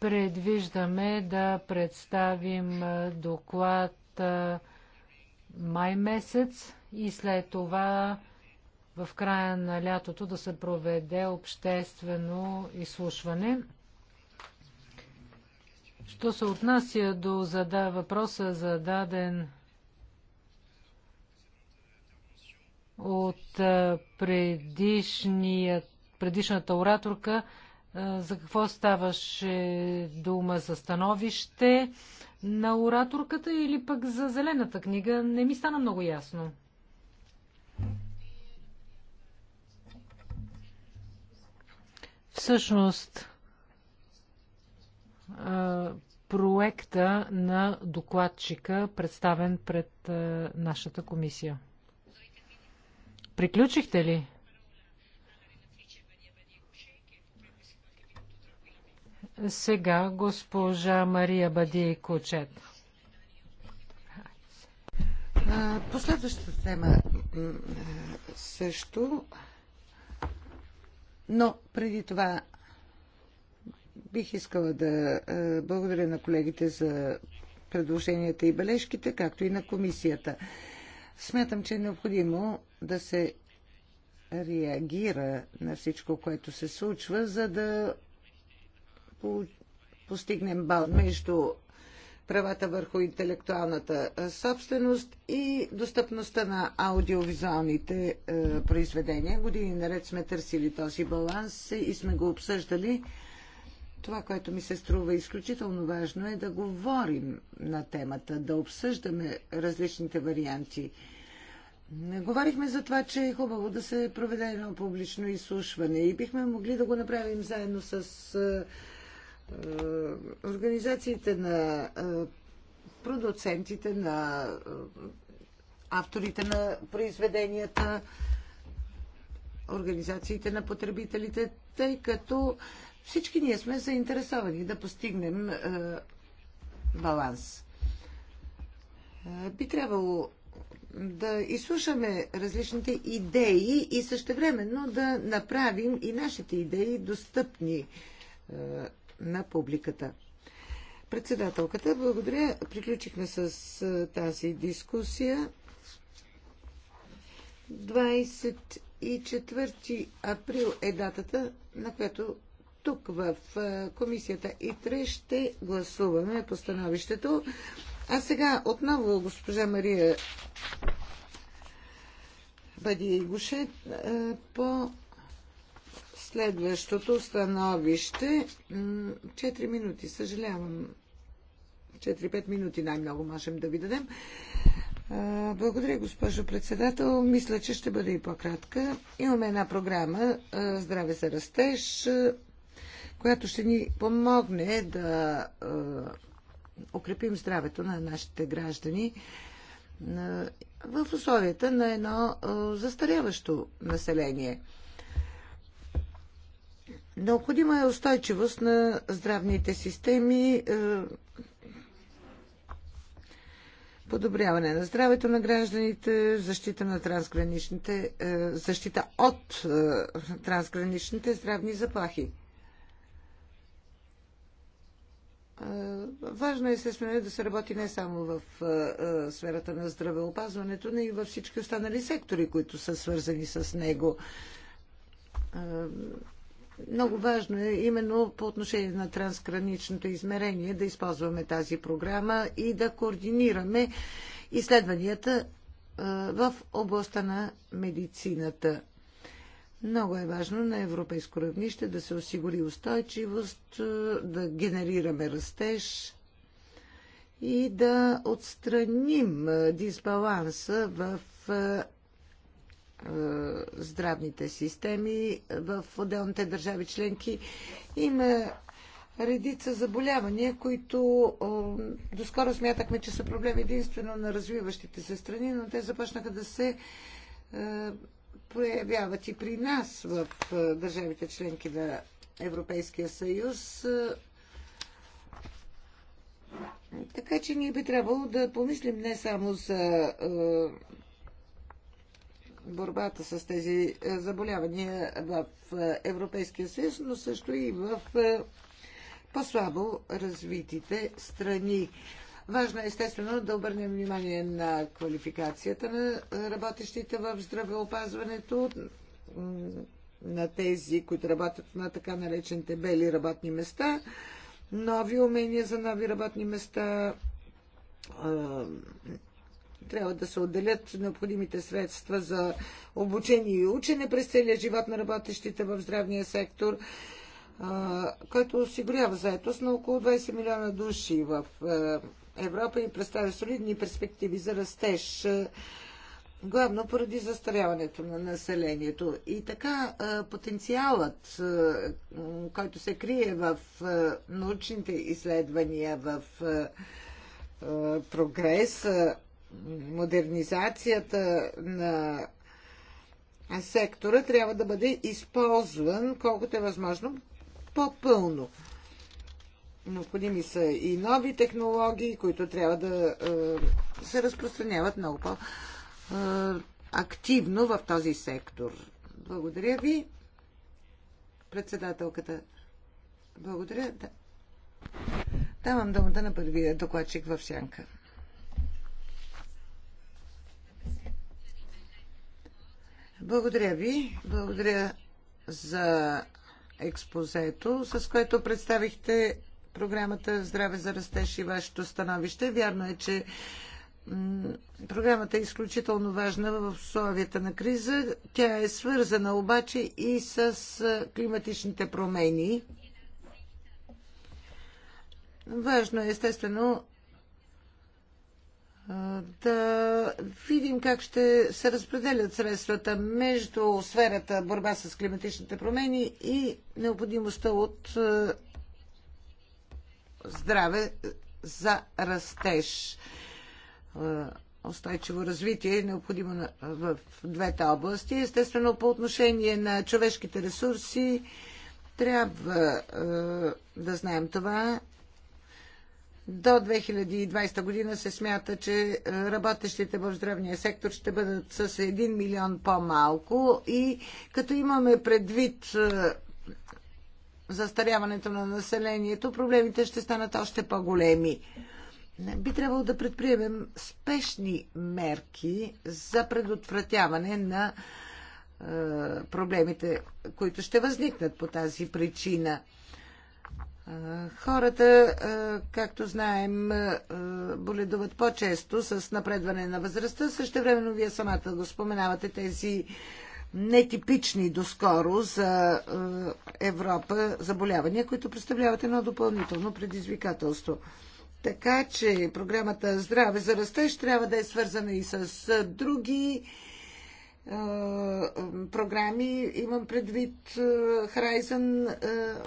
Предвиждаме да представим доклад май месец и след това в края на лятото да се проведе обществено изслушване. Що се отнася до зада въпроса зададен от предишната ораторка за какво ставаше дума за становище на ораторката или пък за зелената книга. Не ми стана много ясно. Всъщност, проекта на докладчика, представен пред нашата комисия. Приключихте ли? Сега госпожа Мария Бади Кучет. Последващата тема също, но преди това бих искала да благодаря на колегите за предложенията и бележките, както и на комисията. Смятам, че е необходимо да се реагира на всичко, което се случва, за да постигнем бал между правата върху интелектуалната собственост и достъпността на аудиовизуалните е, произведения. Години наред сме търсили този баланс и сме го обсъждали. Това, което ми се струва изключително важно е да говорим на темата, да обсъждаме различните варианти Говорихме за това, че е хубаво да се проведе едно публично изслушване и бихме могли да го направим заедно с е, е, организациите на е, продуцентите, на е, авторите на произведенията, организациите на потребителите, тъй като всички ние сме заинтересовани да постигнем е, баланс. Е, би трябвало да изслушаме различните идеи и същевременно да направим и нашите идеи достъпни е, на публиката. Председателката, благодаря. Приключихме с е, тази дискусия. 24 април е датата, на която тук в е, комисията ИТРЕ ще гласуваме постановището. А сега отново госпожа Мария Бъди Гуше е, по следващото становище. 4 минути, съжалявам. 4-5 минути най-много можем да ви дадем. Е, благодаря, госпожо председател. Мисля, че ще бъде и по-кратка. Имаме една програма е, Здраве за растеж, която ще ни помогне да укрепим здравето на нашите граждани в условията на едно застаряващо население. Необходима е устойчивост на здравните системи, подобряване на здравето на гражданите, защита на трансграничните, защита от трансграничните здравни заплахи. Важно е, естествено, е да се работи не само в сферата на здравеопазването, но и във всички останали сектори, които са свързани с него. Много важно е именно по отношение на трансграничното измерение да използваме тази програма и да координираме изследванията в областта на медицината. Много е важно на европейско равнище да се осигури устойчивост, е, да генерираме растеж и да отстраним е, дисбаланса в е, здравните системи в отделните държави членки. Има редица заболявания, които доскоро смятахме, че са проблем единствено на развиващите се страни, но те започнаха да се проявяват и при нас в държавите членки на Европейския съюз. Така че ние би трябвало да помислим не само за борбата с тези заболявания в Европейския съюз, но също и в по-слабо развитите страни. Важно е естествено да обърнем внимание на квалификацията на работещите в здравеопазването, на тези, които работят на така наречените бели работни места, нови умения за нови работни места, трябва да се отделят необходимите средства за обучение и учене през целия живот на работещите в здравния сектор, който осигурява заетост на около 20 милиона души в Европа и представя солидни перспективи за растеж, главно поради застаряването на населението. И така потенциалът, който се крие в научните изследвания, в прогрес, модернизацията на сектора трябва да бъде използван колкото е възможно по-пълно. Необходими са и нови технологии, които трябва да е, се разпространяват много по-активно в този сектор. Благодаря ви, председателката. Благодаря. Да. Давам думата на първия докладчик в Сянка. Благодаря ви. Благодаря за експозето, с което представихте програмата Здраве за растеж и вашето становище. Вярно е, че програмата е изключително важна в условията на криза. Тя е свързана обаче и с климатичните промени. Важно е, естествено, да видим как ще се разпределят средствата между сферата борба с климатичните промени и необходимостта от здраве е, за растеж. Е, устойчиво развитие е необходимо в двете области. Естествено, по отношение на човешките ресурси, трябва е, да знаем това. До 2020 година се смята, че работещите в здравния сектор ще бъдат с 1 милион по-малко и като имаме предвид застаряването на населението, проблемите ще станат още по-големи. Би трябвало да предприемем спешни мерки за предотвратяване на е, проблемите, които ще възникнат по тази причина. Е, хората, е, както знаем, е, боледуват по-често с напредване на възрастта. Също времено вие самата го споменавате тези нетипични доскоро за е, Европа заболявания, които представляват едно допълнително предизвикателство. Така че програмата Здраве за растеж трябва да е свързана и с е, други е, програми. Имам предвид Horizon,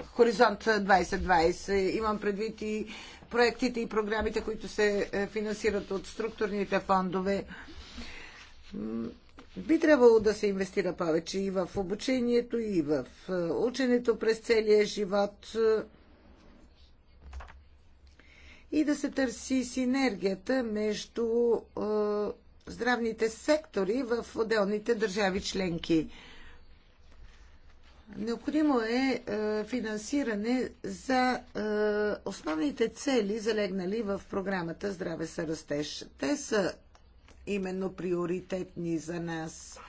Хоризонт 2020. Имам предвид и проектите и програмите, които се финансират от структурните фондове. Би трябвало да се инвестира повече и в обучението, и в е, ученето през целия живот е, и да се търси синергията между е, здравните сектори в отделните държави членки. Необходимо е, е финансиране за е, основните цели, залегнали в програмата Здраве са растеж. Те са именно приоритетни за нас.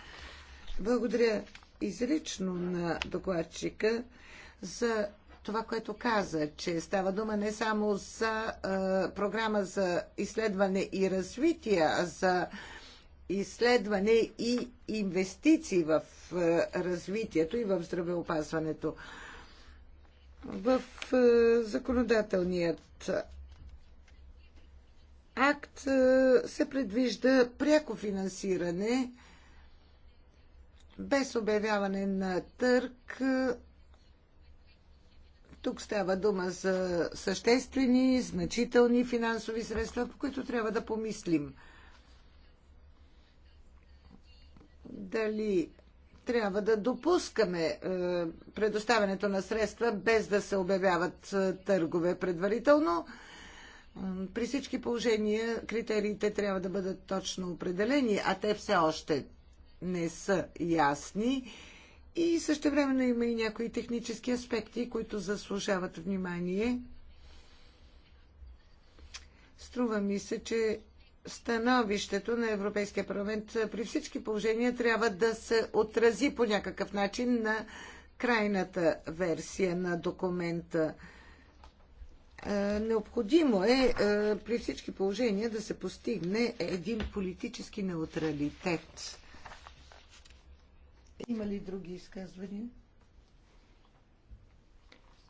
Благодаря изрично на докладчика за това, което каза, че става дума не само за а, програма за изследване и развитие, а за изследване и инвестиции в а, развитието и в здравеопазването. В а, законодателният акт е, се предвижда пряко финансиране без обявяване на търг. Е, тук става дума за съществени, значителни финансови средства, по които трябва да помислим. Дали трябва да допускаме е, предоставянето на средства без да се обявяват търгове предварително? При всички положения критериите трябва да бъдат точно определени, а те все още не са ясни. И също времено има и някои технически аспекти, които заслужават внимание. Струва ми се, че становището на Европейския парламент при всички положения трябва да се отрази по някакъв начин на крайната версия на документа. Е, необходимо е, е при всички положения да се постигне един политически неутралитет. Има ли други изказвания?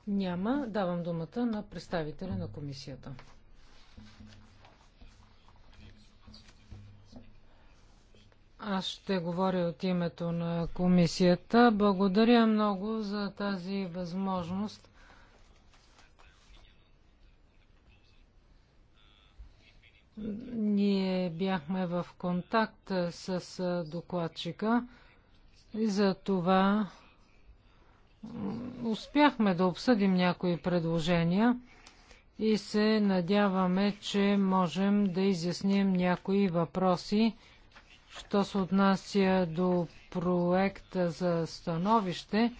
Няма. Давам думата на представителя на комисията. Аз ще говоря от името на комисията. Благодаря много за тази възможност Ние бяхме в контакт с докладчика и за това успяхме да обсъдим някои предложения и се надяваме, че можем да изясним някои въпроси, що се отнася до проекта за становище,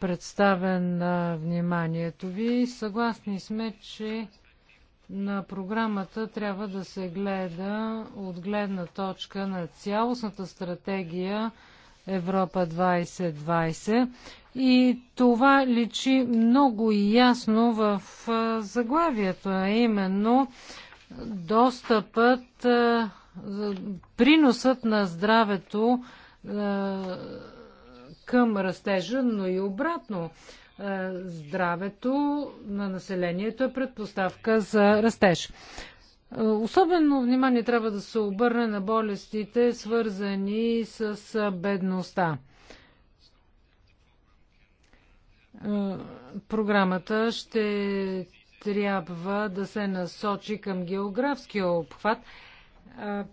представен на вниманието ви. Съгласни сме, че на програмата трябва да се гледа от гледна точка на цялостната стратегия Европа 2020. И това личи много ясно в заглавието, а именно достъпът, приносът на здравето към растежа, но и обратно. Е, здравето на населението е предпоставка за растеж. Е, особено внимание трябва да се обърне на болестите, свързани с е, бедността. Програмата ще трябва да се насочи към географския обхват.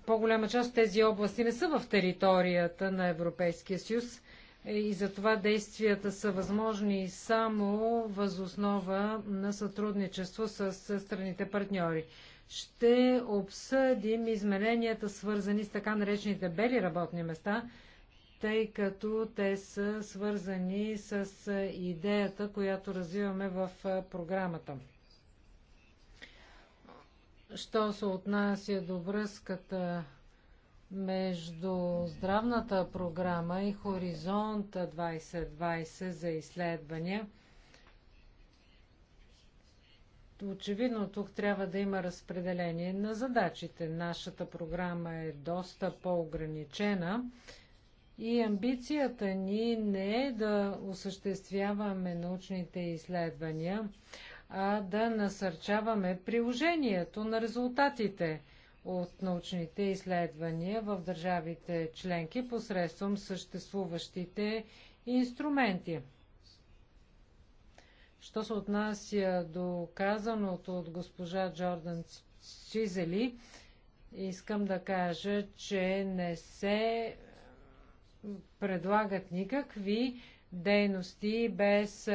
По-голяма част от тези области не са в територията на Европейския съюз и затова действията са възможни само възоснова на сътрудничество с страните партньори. Ще обсъдим измененията, свързани с така наречените бели работни места, тъй като те са свързани с идеята, която развиваме в програмата. Що се отнася до връзката между здравната програма и Хоризонта 2020 за изследвания. Очевидно тук трябва да има разпределение на задачите. Нашата програма е доста по-ограничена и амбицията ни не е да осъществяваме научните изследвания, а да насърчаваме приложението на резултатите – от научните изследвания в държавите членки посредством съществуващите инструменти. Що се отнася до казаното от госпожа Джордан Сизели, искам да кажа, че не се предлагат никакви дейности без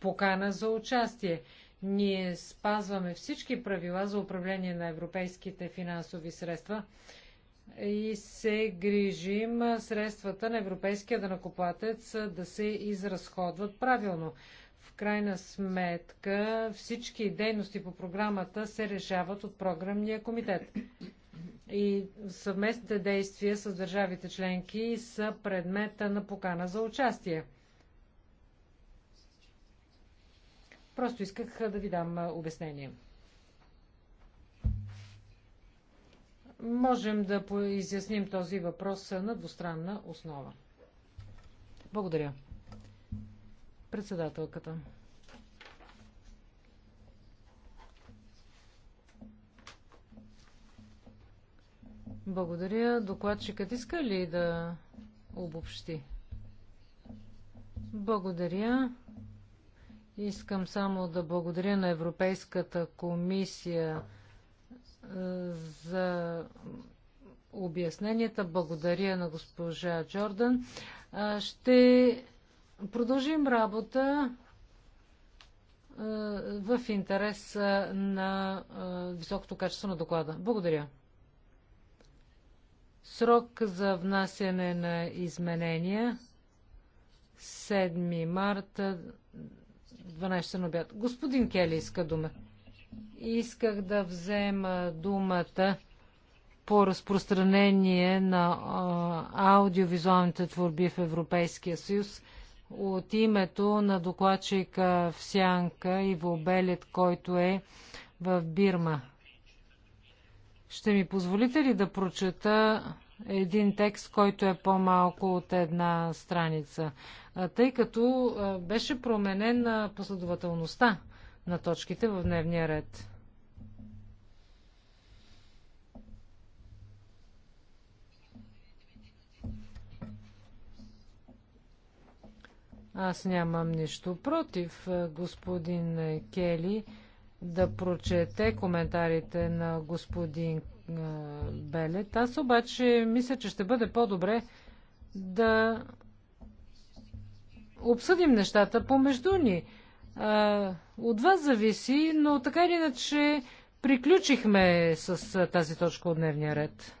покана за участие. Ние спазваме всички правила за управление на европейските финансови средства и се грижим средствата на европейския данакоплатец да се изразходват правилно. В крайна сметка всички дейности по програмата се решават от програмния комитет. И съвместните действия с държавите членки са предмета на покана за участие. Просто исках да ви дам обяснение. Можем да поизясним този въпрос на двустранна основа. Благодаря. Председателката. Благодаря. Докладчикът иска ли да обобщи? Благодаря. Искам само да благодаря на Европейската комисия е, за обясненията. Благодаря на госпожа Джордан. Е, ще продължим работа е, в интерес на високото качество на доклада. Благодаря. Срок за внасяне на изменения 7 марта 12 на обяд. Господин Кели иска дума. Исках да взема думата по разпространение на аудиовизуалните творби в Европейския съюз от името на докладчика в Сянка и Вобелет, който е в Бирма. Ще ми позволите ли да прочета един текст, който е по-малко от една страница? тъй като беше променена последователността на точките в дневния ред. Аз нямам нищо против, господин Кели, да прочете коментарите на господин Белет. Аз обаче мисля, че ще бъде по-добре да обсъдим нещата помежду ни. А, от вас зависи, но така или иначе приключихме с тази точка от дневния ред.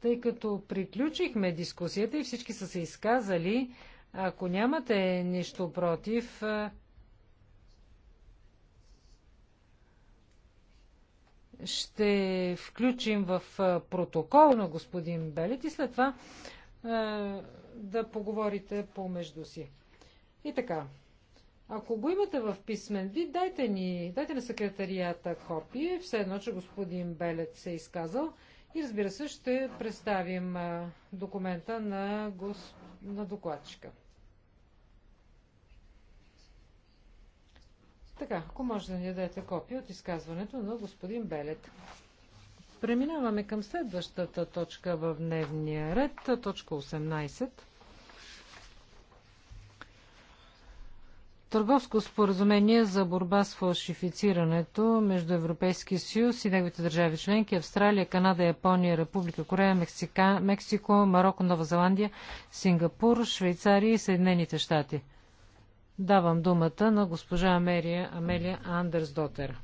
Тъй като приключихме дискусията и всички са се изказали, ако нямате нищо против, ще включим в протокол на господин Белит и след това да поговорите помежду си. И така, ако го имате в писмен вид, дайте ни, дайте на секретарията копие, все едно, че господин Белет се е изказал и разбира се, ще представим документа на, гос... на докладчика. Така, ако може да ни дадете копия от изказването на господин Белет. Преминаваме към следващата точка в дневния ред, точка 18. Търговско споразумение за борба с фалшифицирането между Европейския съюз и неговите държави членки Австралия, Канада, Япония, Република Корея, Мексика, Мексико, Марокко, Нова Зеландия, Сингапур, Швейцария и Съединените щати. Давам думата на госпожа Америя, Амелия Андерсдотер.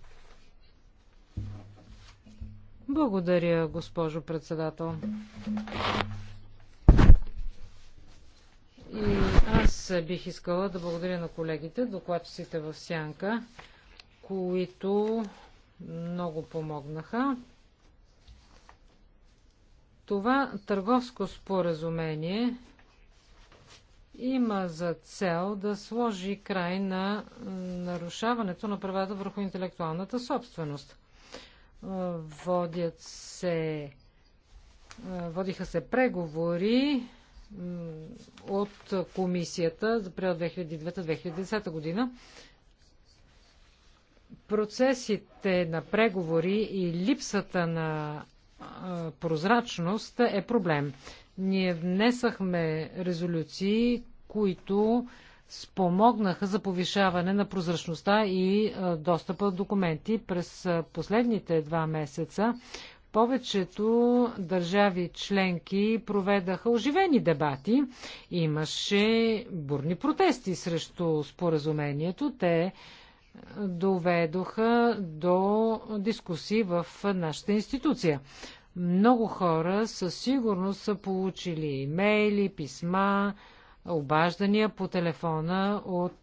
Благодаря, госпожо председател. И аз бих искала да благодаря на колегите, докладчиците в Сянка, които много помогнаха. Това търговско споразумение има за цел да сложи край на нарушаването на правата върху интелектуалната собственост. Е, водят се, е, водиха се преговори от комисията за период 2009-2010 година. Процесите на преговори и липсата на прозрачност е проблем. Ние внесахме резолюции, които спомогнаха за повишаване на прозрачността и е, достъпа до документи. През е, последните два месеца повечето държави членки проведаха оживени дебати. Имаше бурни протести срещу споразумението. Те е, доведоха до дискусии в нашата институция. Много хора със сигурност са получили имейли, писма, обаждания по телефона от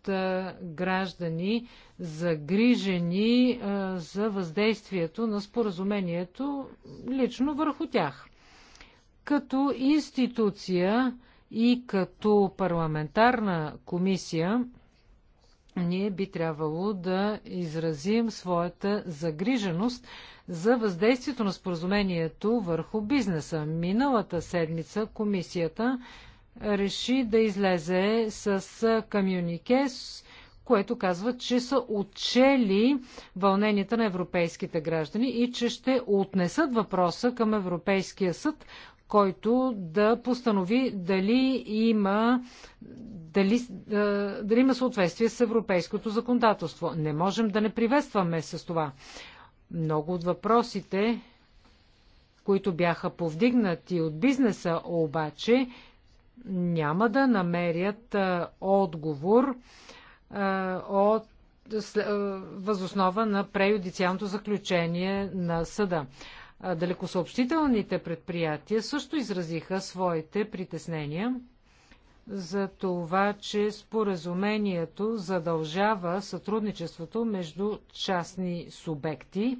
граждани, загрижени за въздействието на споразумението лично върху тях. Като институция и като парламентарна комисия, ние би трябвало да изразим своята загриженост за въздействието на споразумението върху бизнеса. Миналата седмица комисията реши да излезе с Камюникес, което казва, че са отчели вълненията на европейските граждани и че ще отнесат въпроса към Европейския съд който да постанови дали има, дали, е, дали има съответствие с европейското законодателство. Не можем да не приветстваме с това. Много от въпросите, които бяха повдигнати от бизнеса, обаче няма да намерят е, отговор е, от възоснова на преюдициалното заключение на съда далекосъобщителните предприятия също изразиха своите притеснения за това, че споразумението задължава сътрудничеството между частни субекти,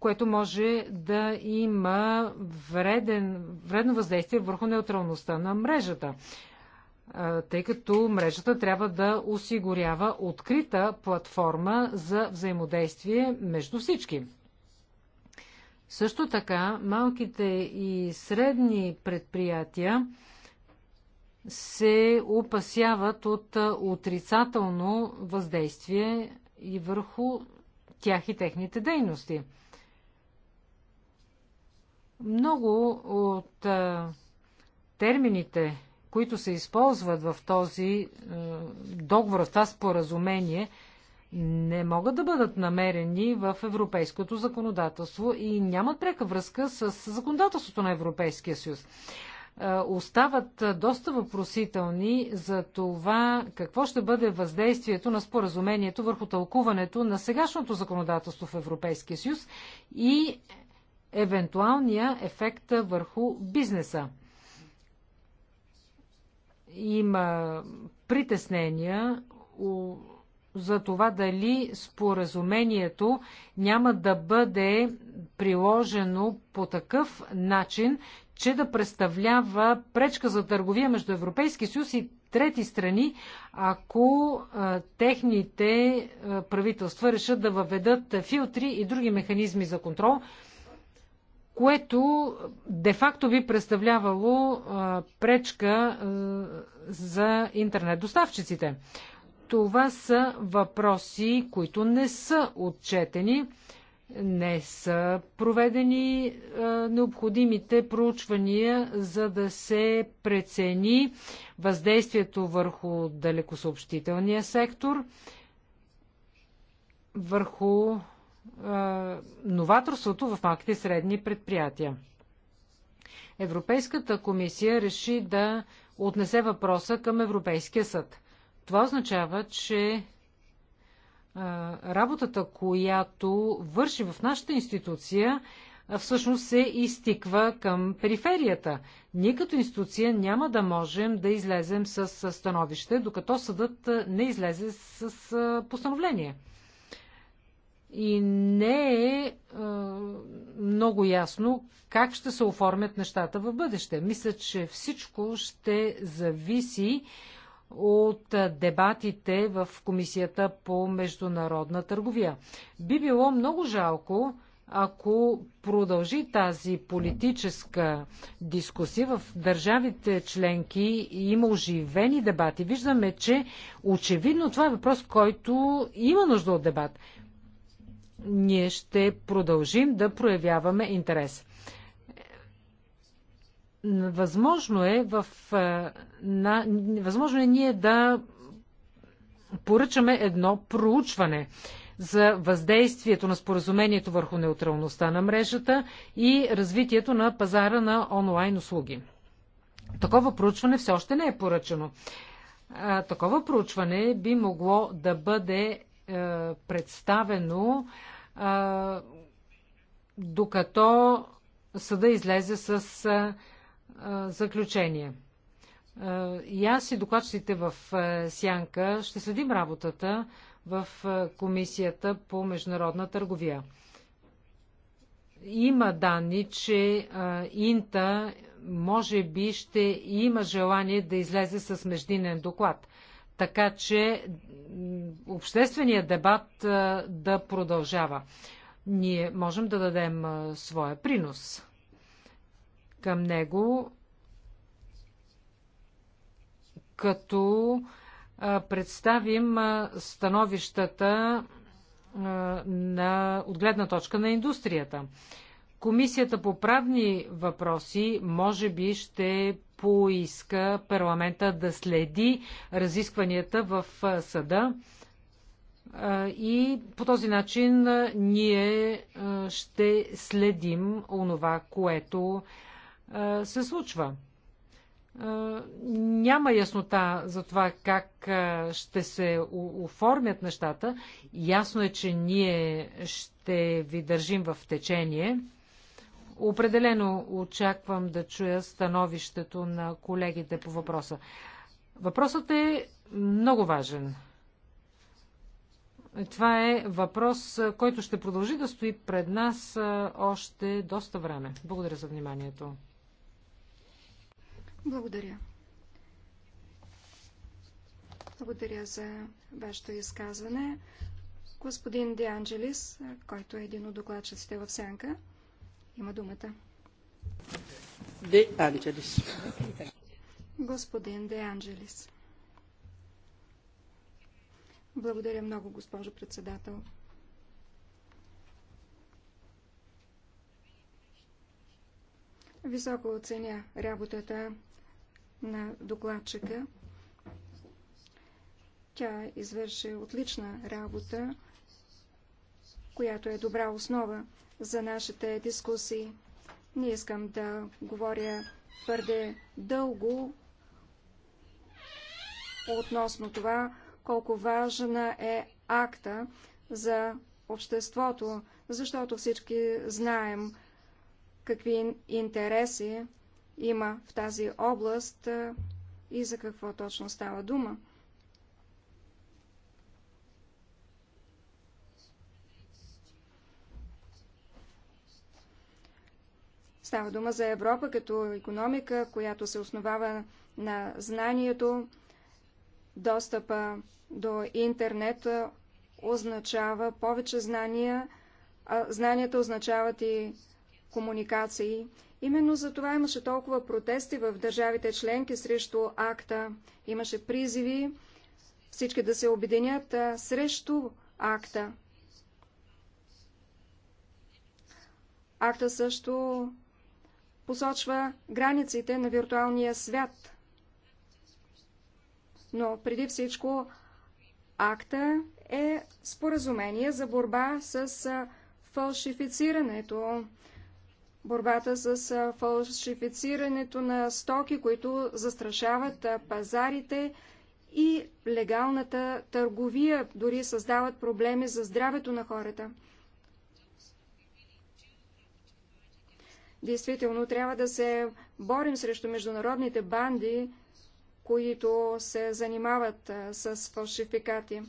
което може да има вреден, вредно въздействие върху неутралността на мрежата, тъй като мрежата трябва да осигурява открита платформа за взаимодействие между всички. Също така, малките и средни предприятия се опасяват от отрицателно въздействие и върху тях и техните дейности. Много от термините, които се използват в този договор, в това споразумение, не могат да бъдат намерени в европейското законодателство и нямат прека връзка с законодателството на Европейския съюз. Е, остават е, доста въпросителни за това какво ще бъде въздействието на споразумението върху тълкуването на сегашното законодателство в Европейския съюз и евентуалния ефект върху бизнеса. Има притеснения за това дали споразумението няма да бъде приложено по такъв начин, че да представлява пречка за търговия между Европейски съюз и трети страни, ако а, техните а, правителства решат да въведат филтри и други механизми за контрол, което де-факто би представлявало а, пречка а, за интернет доставчиците. Това са въпроси, които не са отчетени, не са проведени а, необходимите проучвания, за да се прецени въздействието върху далекосъобщителния сектор, върху а, новаторството в малките и средни предприятия. Европейската комисия реши да отнесе въпроса към Европейския съд. Това означава, че работата, която върши в нашата институция, всъщност се изтиква към периферията. Ние като институция няма да можем да излезем с становище, докато съдът не излезе с постановление. И не е, е много ясно как ще се оформят нещата в бъдеще. Мисля, че всичко ще зависи от дебатите в Комисията по международна търговия. Би било много жалко, ако продължи тази политическа дискусия в държавите членки и има оживени дебати. Виждаме, че очевидно това е въпрос, който има нужда от дебат. Ние ще продължим да проявяваме интерес възможно е в, на, възможно е ние да поръчаме едно проучване за въздействието на споразумението върху неутралността на мрежата и развитието на пазара на онлайн услуги. Такова проучване все още не е поръчано. А, такова проучване би могло да бъде е, представено е, докато съда излезе с е, заключение. И аз и докладчиците в Сянка ще следим работата в Комисията по международна търговия. Има данни, че Инта може би ще има желание да излезе с междинен доклад, така че общественият дебат да продължава. Ние можем да дадем своя принос към него като представим становищата на, от гледна точка на индустрията. Комисията по правни въпроси може би ще поиска парламента да следи разискванията в съда и по този начин ние ще следим онова, което се случва. Няма яснота за това как ще се оформят нещата. Ясно е, че ние ще ви държим в течение. Определено очаквам да чуя становището на колегите по въпроса. Въпросът е много важен. Това е въпрос, който ще продължи да стои пред нас още доста време. Благодаря за вниманието. Благодаря. Благодаря за вашето изказване. Господин Де който е един от докладчиците в Сянка, има думата. Де Анджелис. Господин Де Анджелис. Благодаря много, госпожо председател. Високо оценя работата на докладчика. Тя извърши отлична работа, която е добра основа за нашите дискусии. Не искам да говоря твърде дълго относно това, колко важна е акта за обществото, защото всички знаем какви интереси има в тази област и за какво точно става дума. Става дума за Европа като економика, която се основава на знанието, достъпа до интернет означава повече знания, а знанията означават и комуникации Именно за това имаше толкова протести в държавите членки срещу акта. Имаше призиви всички да се обединят срещу акта. Акта също посочва границите на виртуалния свят. Но преди всичко акта е споразумение за борба с фалшифицирането борбата с фалшифицирането на стоки, които застрашават пазарите и легалната търговия, дори създават проблеми за здравето на хората. Действително трябва да се борим срещу международните банди, които се занимават с фалшификати.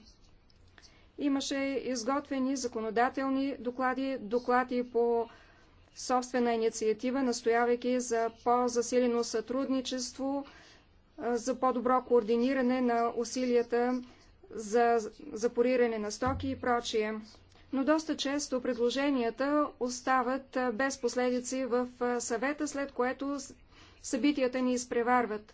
Имаше изготвени законодателни доклади, доклади по собствена инициатива, настоявайки за по-засилено сътрудничество, за по-добро координиране на усилията за запориране на стоки и прочие. Но доста често предложенията остават без последици в съвета, след което събитията ни изпреварват.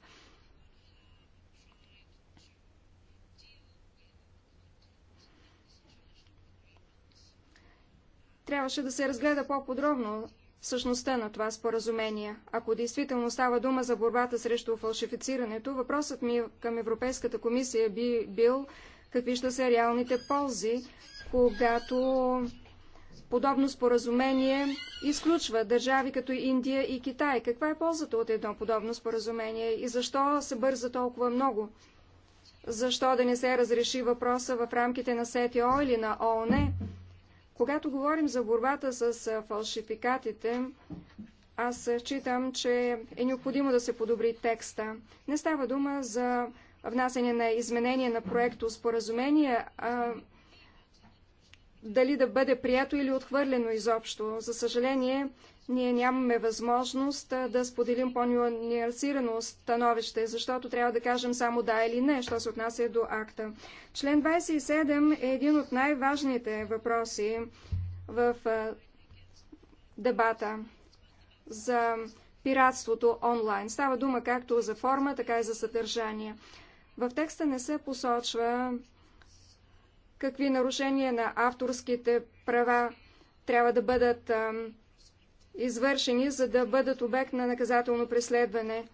трябваше да се разгледа по-подробно същността на това споразумение. Ако действително става дума за борбата срещу фалшифицирането, въпросът ми към Европейската комисия би бил какви ще са реалните ползи, когато подобно споразумение изключва държави като Индия и Китай. Каква е ползата от едно подобно споразумение и защо се бърза толкова много? Защо да не се разреши въпроса в рамките на СТО или на ООН? Когато говорим за борбата с фалшификатите, аз читам, че е необходимо да се подобри текста. Не става дума за внасяне на изменение на проекто споразумение, а дали да бъде прието или отхвърлено изобщо. За съжаление, ние нямаме възможност да споделим по-нюансирано становище, защото трябва да кажем само да или не, що се отнася до акта. Член 27 е един от най-важните въпроси в дебата за пиратството онлайн. Става дума както за форма, така и за съдържание. В текста не се посочва какви нарушения на авторските права трябва да бъдат ам, извършени, за да бъдат обект на наказателно преследване.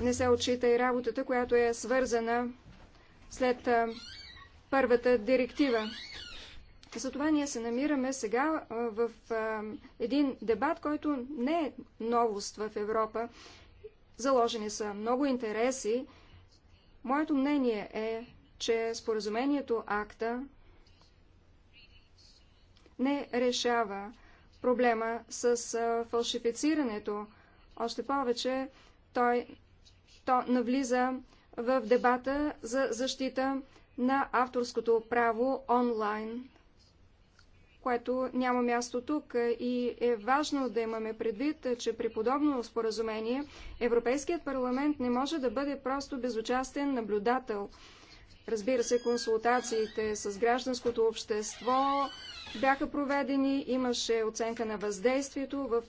Не се отчита и работата, която е свързана след първата директива. Затова ние се намираме сега в един дебат, който не е новост в Европа. Заложени са много интереси. Моето мнение е, че споразумението акта не решава проблема с фалшифицирането. Още повече той, то навлиза в дебата за защита на авторското право онлайн, което няма място тук и е важно да имаме предвид, че при подобно споразумение Европейският парламент не може да бъде просто безучастен наблюдател. Разбира се, консултациите с гражданското общество, бяха проведени, имаше оценка на въздействието в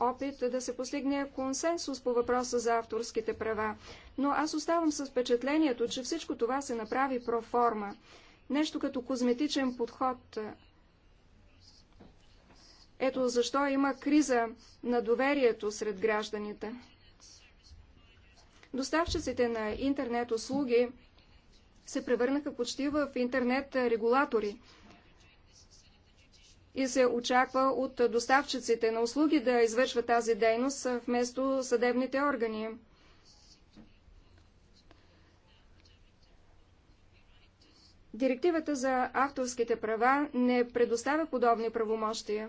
опит да се постигне консенсус по въпроса за авторските права. Но аз оставам с впечатлението, че всичко това се направи проформа. Нещо като козметичен подход. Ето защо има криза на доверието сред гражданите. Доставчиците на интернет услуги се превърнаха почти в интернет регулатори и се очаква от доставчиците на услуги да извършват тази дейност вместо съдебните органи. Директивата за авторските права не предоставя подобни правомощия.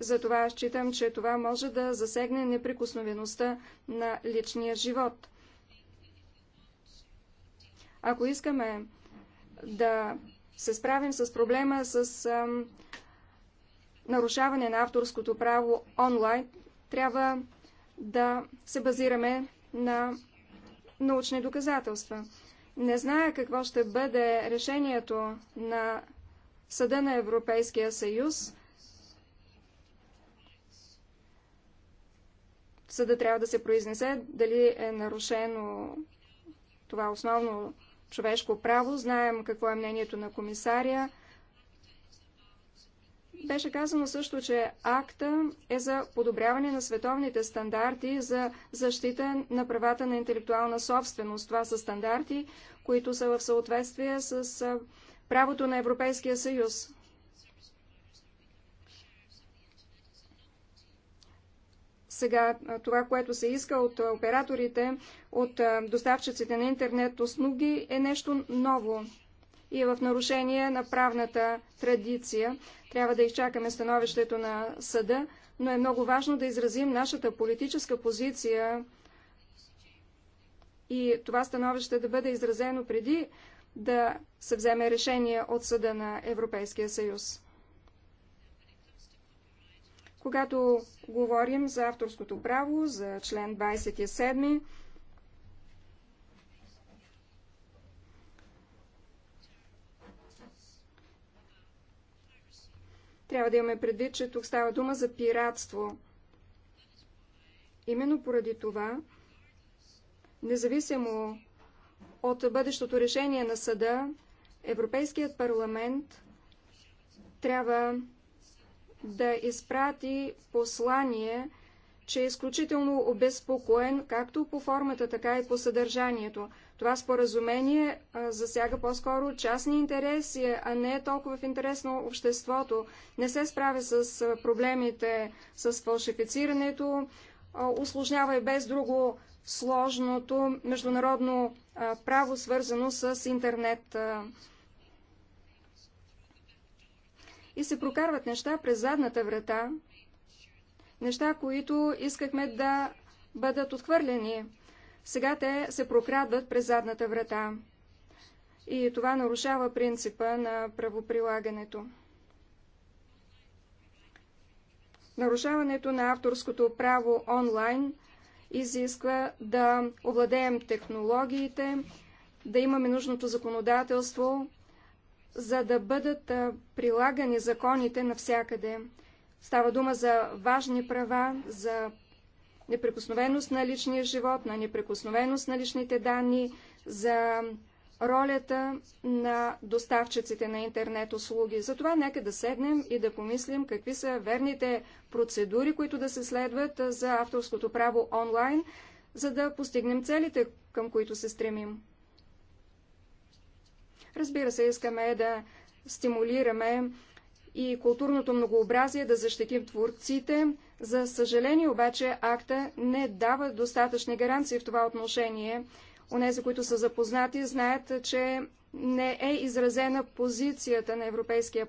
Затова считам, че това може да засегне неприкосновеността на личния живот. Ако искаме да се справим с проблема с ам, нарушаване на авторското право онлайн, трябва да се базираме на научни доказателства. Не зная какво ще бъде решението на Съда на Европейския съюз. Съда трябва да се произнесе дали е нарушено това основно човешко право. Знаем какво е мнението на комисария. Беше казано също, че акта е за подобряване на световните стандарти за защита на правата на интелектуална собственост. Това са стандарти, които са в съответствие с правото на Европейския съюз. Сега това, което се иска от операторите, от доставчиците на интернет услуги е нещо ново и е в нарушение на правната традиция. Трябва да изчакаме становището на съда, но е много важно да изразим нашата политическа позиция и това становище да бъде изразено преди да се вземе решение от съда на Европейския съюз. Когато говорим за авторското право, за член 27, трябва да имаме предвид, че тук става дума за пиратство. Именно поради това, независимо от бъдещото решение на съда, Европейският парламент трябва да изпрати послание, че е изключително обезпокоен както по формата, така и по съдържанието. Това споразумение а, засяга по-скоро частни интереси, а не е толкова в интерес на обществото. Не се справя с а, проблемите с фалшифицирането, а, усложнява и без друго сложното международно право, свързано с интернет и се прокарват неща през задната врата, неща, които искахме да бъдат отхвърлени. Сега те се прокрадват през задната врата. И това нарушава принципа на правоприлагането. Нарушаването на авторското право онлайн изисква да овладеем технологиите, да имаме нужното законодателство, за да бъдат прилагани законите навсякъде. Става дума за важни права, за неприкосновеност на личния живот, на неприкосновеност на личните данни, за ролята на доставчиците на интернет услуги. Затова нека да седнем и да помислим какви са верните процедури, които да се следват за авторското право онлайн, за да постигнем целите, към които се стремим. Разбира се, искаме да стимулираме и културното многообразие, да защитим творците. За съжаление обаче акта не дава достатъчни гаранции в това отношение. Онези, които са запознати, знаят, че не е изразена позицията на Европейския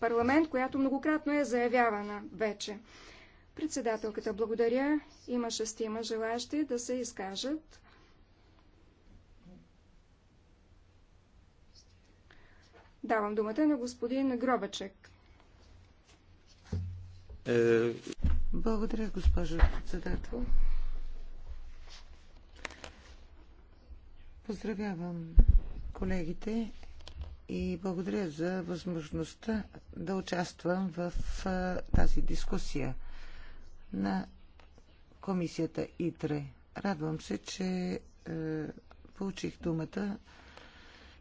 парламент, която многократно е заявявана вече. Председателката благодаря. Има шестима желащи да се изкажат. Давам думата на господин Гробачек. Е, благодаря, госпожо председател. Поздравявам колегите и благодаря за възможността да участвам в тази дискусия на комисията ИТРЕ. Радвам се, че е, получих думата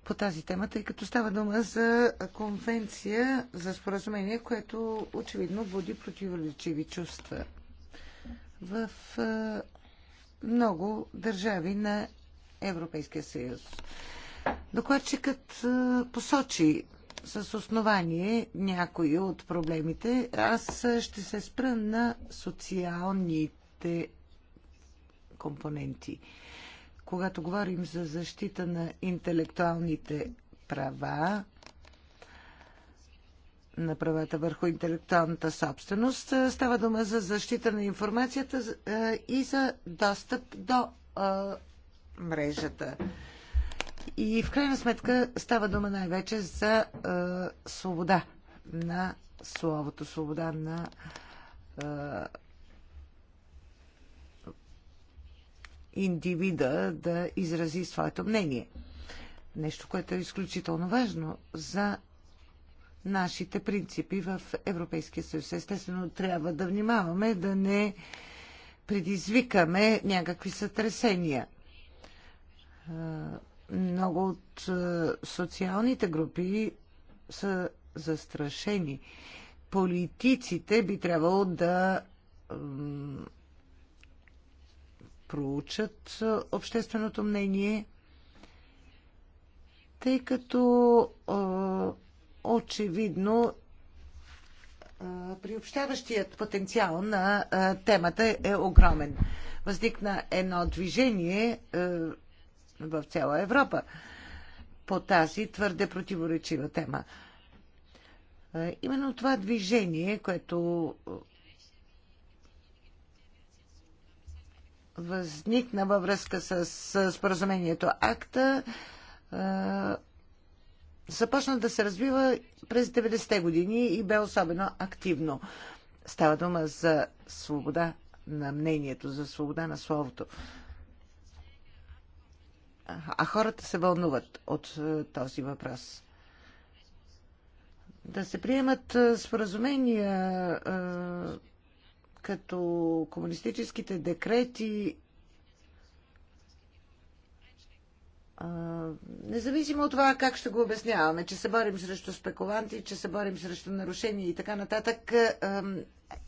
по тази тема, тъй като става дума за конвенция, за споразумение, което очевидно буди противоречиви чувства в много държави на Европейския съюз. Докладчикът посочи с основание някои от проблемите. Аз ще се спра на социалните компоненти когато говорим за защита на интелектуалните права, на правата върху интелектуалната собственост. Е, става дума за защита на информацията е, и за достъп до а, е, мрежата. И в крайна сметка става дума най-вече за а, свобода на словото, свобода на а, индивида да изрази своето мнение. Нещо, което е изключително важно за нашите принципи в Европейския съюз. Естествено, трябва да внимаваме да не предизвикаме някакви сътресения. Много от е, социалните групи са застрашени. Политиците би трябвало да проучат общественото мнение, тъй като очевидно приобщаващият потенциал на темата е огромен. Възникна едно движение в цяла Европа по тази твърде противоречива тема. Именно това движение, което възникна във връзка с споразумението АКТА, започна да се развива през 90-те години и бе особено активно. Става дума за свобода на мнението, за свобода на словото. А хората се вълнуват от този въпрос. Да се приемат споразумения като комунистическите декрети независимо от това как ще го обясняваме, че се борим срещу спекуланти, че се борим срещу нарушения и така нататък,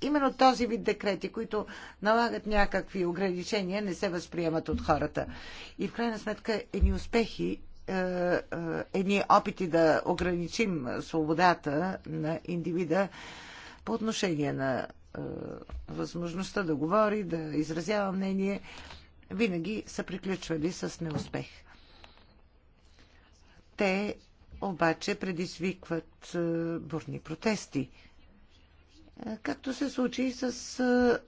именно този вид декрети, които налагат някакви ограничения, не се възприемат от хората. И в крайна сметка едни успехи, едни опити да ограничим свободата на индивида по отношение на е, възможността да говори, да изразява мнение, винаги са приключвали с неуспех. Те обаче предизвикват е, бурни протести. Е, както се случи и с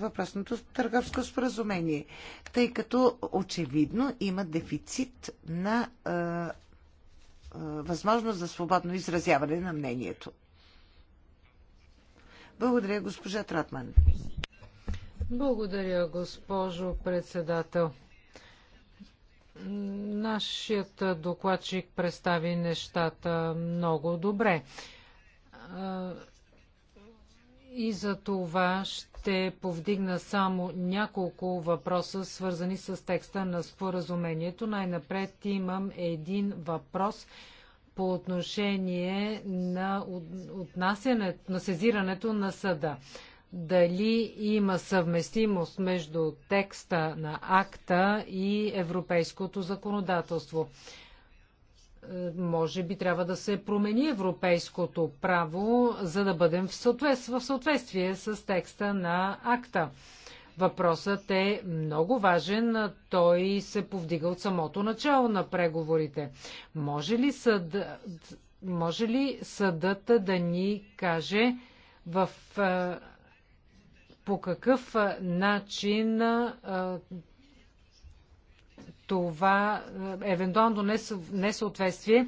въпросното търговско споразумение, тъй като очевидно има дефицит на възможност за свободно изразяване на мнението. Благодаря, госпожа Тратман. Благодаря, госпожо председател. Нашият докладчик представи нещата много добре. И за това ще повдигна само няколко въпроса, свързани с текста на споразумението. Най-напред имам един въпрос – по отношение на отнасянето, на сезирането на съда. Дали има съвместимост между текста на акта и европейското законодателство? Е, може би трябва да се промени европейското право, за да бъдем в съответствие, в съответствие с текста на акта Въпросът е много важен. Той се повдига от самото начало на преговорите. Може ли, съд, може ли съдът да ни каже в, по какъв начин това евентуално несъответствие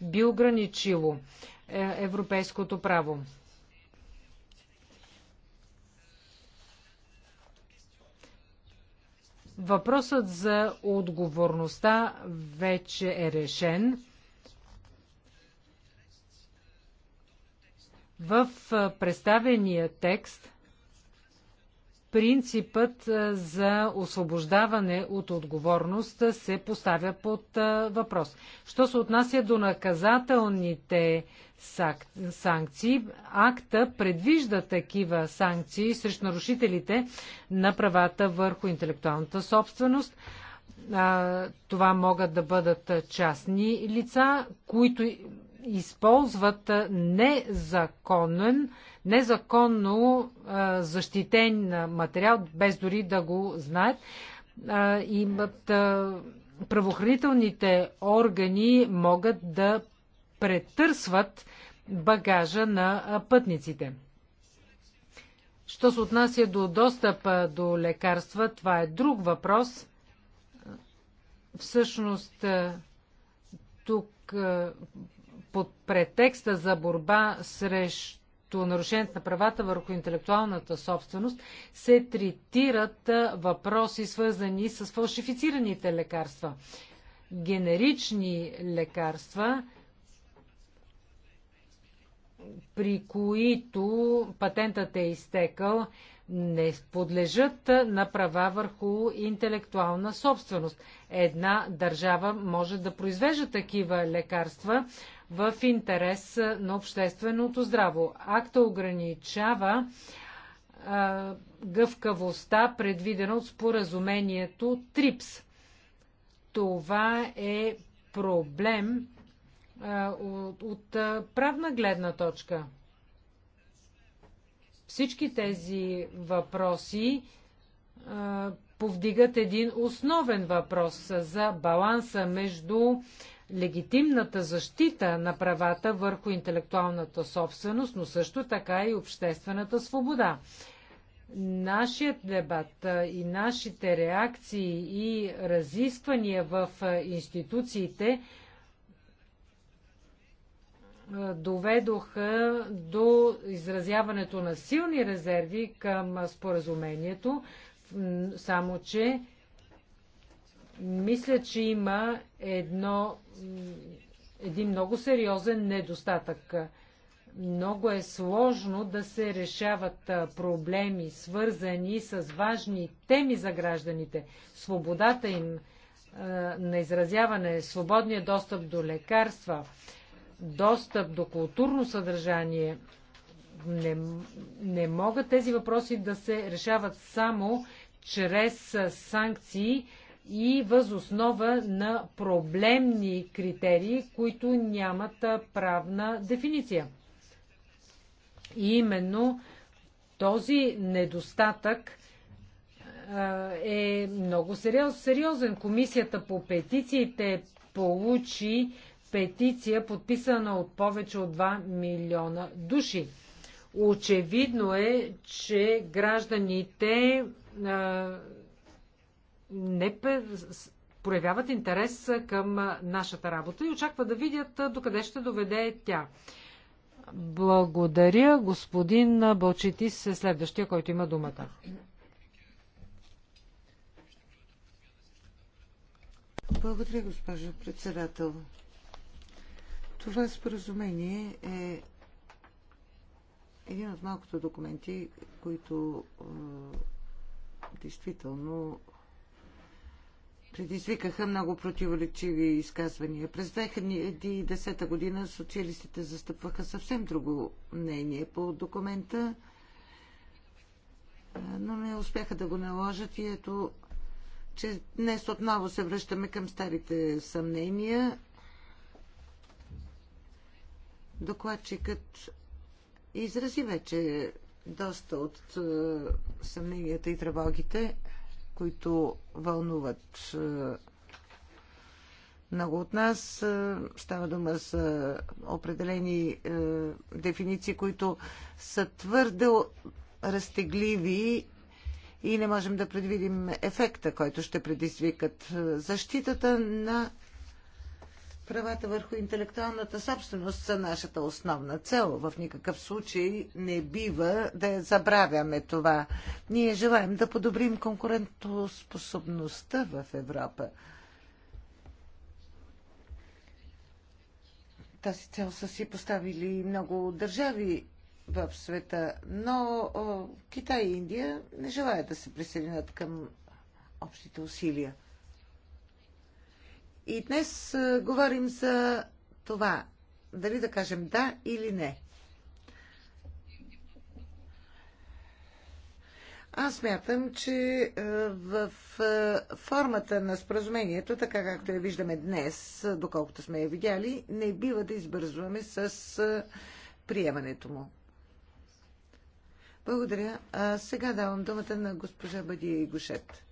би ограничило е, европейското право? Въпросът за отговорността вече е решен. В представения текст принципът е, за освобождаване от отговорност се поставя под е, въпрос. Що се отнася до наказателните санкции, акта предвижда такива санкции срещу нарушителите на правата върху интелектуалната собственост. Това могат да бъдат частни лица, които използват е, незаконен незаконно защитен материал, без дори да го знаят. Имат правоохранителните органи могат да претърсват багажа на пътниците. Що се отнася до достъпа до лекарства, това е друг въпрос. Всъщност, тук под претекста за борба срещу като нарушението на правата върху интелектуалната собственост се третират въпроси, свързани с фалшифицираните лекарства. Генерични лекарства, при които патентът е изтекал, не подлежат на права върху интелектуална собственост. Една държава може да произвежда такива лекарства, в интерес на общественото здраво. Акта ограничава а, гъвкавостта, предвидена от споразумението ТРИПС. Това е проблем а, от, от правна гледна точка. Всички тези въпроси а, повдигат един основен въпрос за баланса между легитимната защита на правата върху интелектуалната собственост, но също така и обществената свобода. Нашият дебат и нашите реакции и разисквания в институциите доведоха до изразяването на силни резерви към споразумението, само че мисля, че има едно, един много сериозен недостатък. Много е сложно да се решават проблеми, свързани с важни теми за гражданите. Свободата им на изразяване, свободния достъп до лекарства, достъп до културно съдържание. Не, не могат тези въпроси да се решават само чрез санкции, и възоснова на проблемни критерии, които нямат правна дефиниция. И именно този недостатък е много сериозен. Комисията по петициите получи петиция, подписана от повече от 2 милиона души. Очевидно е, че гражданите не е проявяват интерес към нашата работа и очаква да видят докъде ще доведе тя. Благодаря. Господин Бълчитис е следващия, който има думата. Благодаря, госпожо председател. Това споразумение е един от малкото документи, които действително предизвикаха много противоречиви изказвания. През 2010 година социалистите застъпваха съвсем друго мнение по документа, но не успяха да го наложат и ето, че днес отново се връщаме към старите съмнения. Докладчикът изрази вече доста от е, съмненията и тревогите които вълнуват е, много от нас. Е, става дума за определени е, дефиниции, които са твърде разтегливи и не можем да предвидим ефекта, който ще предизвикат. Защитата на правата върху интелектуалната собственост са нашата основна цел. В никакъв случай не бива да забравяме това. Ние желаем да подобрим конкурентоспособността в Европа. Тази цел са си поставили много държави в света, но Китай и Индия не желаят да се присъединят към общите усилия. И днес говорим за това, дали да кажем да или не. Аз мятам, че в формата на споразумението, така както я виждаме днес, доколкото сме я видяли, не бива да избързваме с приемането му. Благодаря. А сега давам думата на госпожа Бадия Игошет.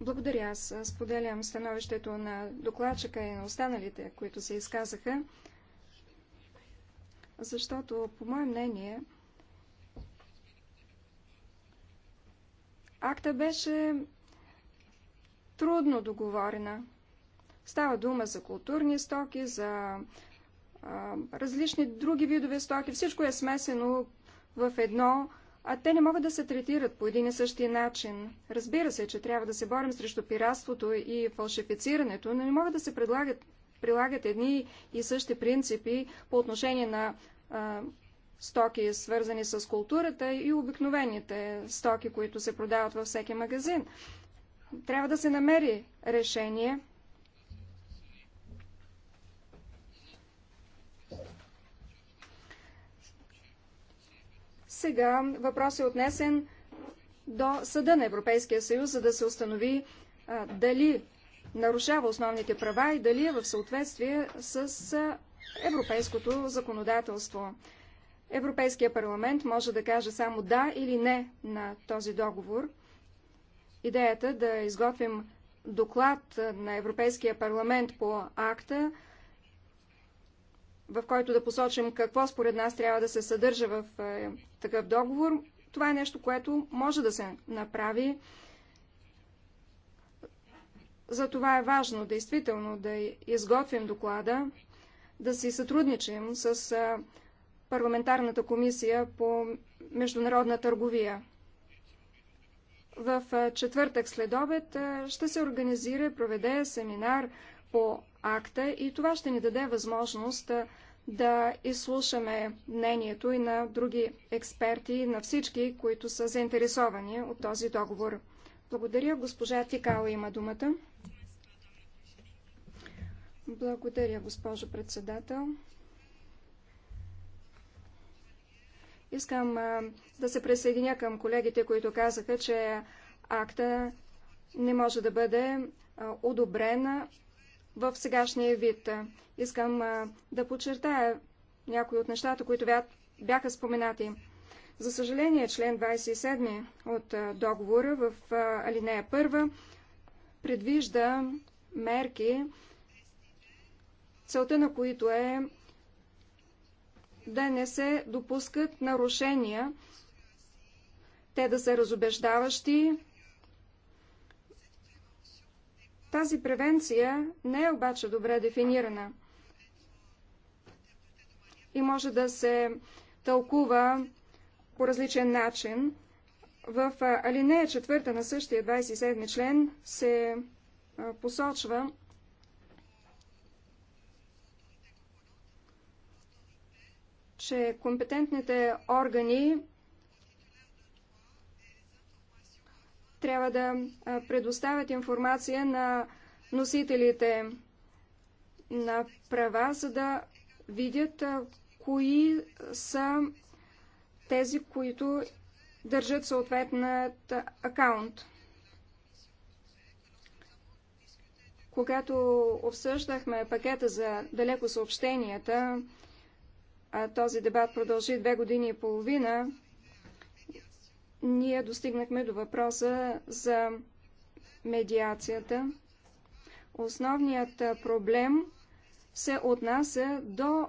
Благодаря. Аз споделям становището на докладчика и на останалите, които се изказаха, защото, по мое мнение, акта беше трудно договорена. Става дума за културни стоки, за а, различни други видове стоки. Всичко е смесено в едно а те не могат да се третират по един и същи начин. Разбира се, че трябва да се борим срещу пиратството и фалшифицирането, но не могат да се предлагат, прилагат едни и същи принципи по отношение на а, стоки, свързани с културата и обикновените стоки, които се продават във всеки магазин. Трябва да се намери решение. Сега въпрос е отнесен до Съда на Европейския съюз, за да се установи а, дали нарушава основните права и дали е в съответствие с а, европейското законодателство. Европейския парламент може да каже само да или не на този договор. Идеята да изготвим доклад на Европейския парламент по акта, в който да посочим какво според нас трябва да се съдържа в такъв договор. Това е нещо, което може да се направи. За това е важно действително да изготвим доклада, да си сътрудничим с парламентарната комисия по международна търговия. В четвъртък след обед ще се организира и проведе семинар по акта и това ще ни даде възможност да изслушаме мнението и на други експерти, и на всички, които са заинтересовани от този договор. Благодаря. Госпожа Тикала има думата. Благодаря, госпожо председател. Искам да се присъединя към колегите, които казаха, че акта не може да бъде одобрена в сегашния вид. Искам да подчертая някои от нещата, които бяха споменати. За съжаление, член 27 от договора в алинея 1 предвижда мерки, целта на които е да не се допускат нарушения, те да са разобеждаващи, тази превенция не е обаче добре дефинирана и може да се тълкува по различен начин. В алинея четвърта на същия 27 член се посочва, че компетентните органи трябва да предоставят информация на носителите на права, за да видят кои са тези, които държат съответният акаунт. Когато обсъждахме пакета за далеко съобщенията, а този дебат продължи две години и половина, ние достигнахме до въпроса за медиацията. Основният проблем се отнася до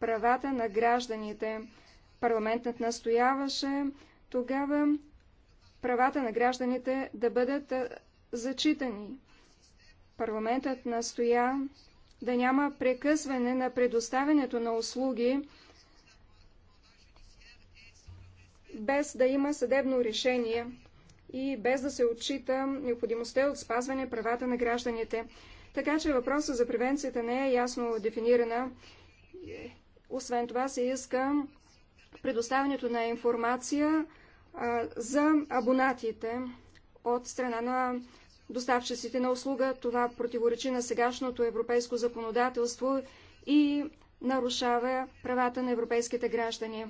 правата на гражданите. Парламентът настояваше тогава правата на гражданите да бъдат зачитани. Парламентът настоя да няма прекъсване на предоставянето на услуги без да има съдебно решение и без да се отчита необходимостта от спазване правата на гражданите. Така че въпросът за превенцията не е ясно дефинирана. Освен това се иска предоставянето на информация за абонатите от страна на доставчиците на услуга. Това противоречи на сегашното европейско законодателство и нарушава правата на европейските граждани.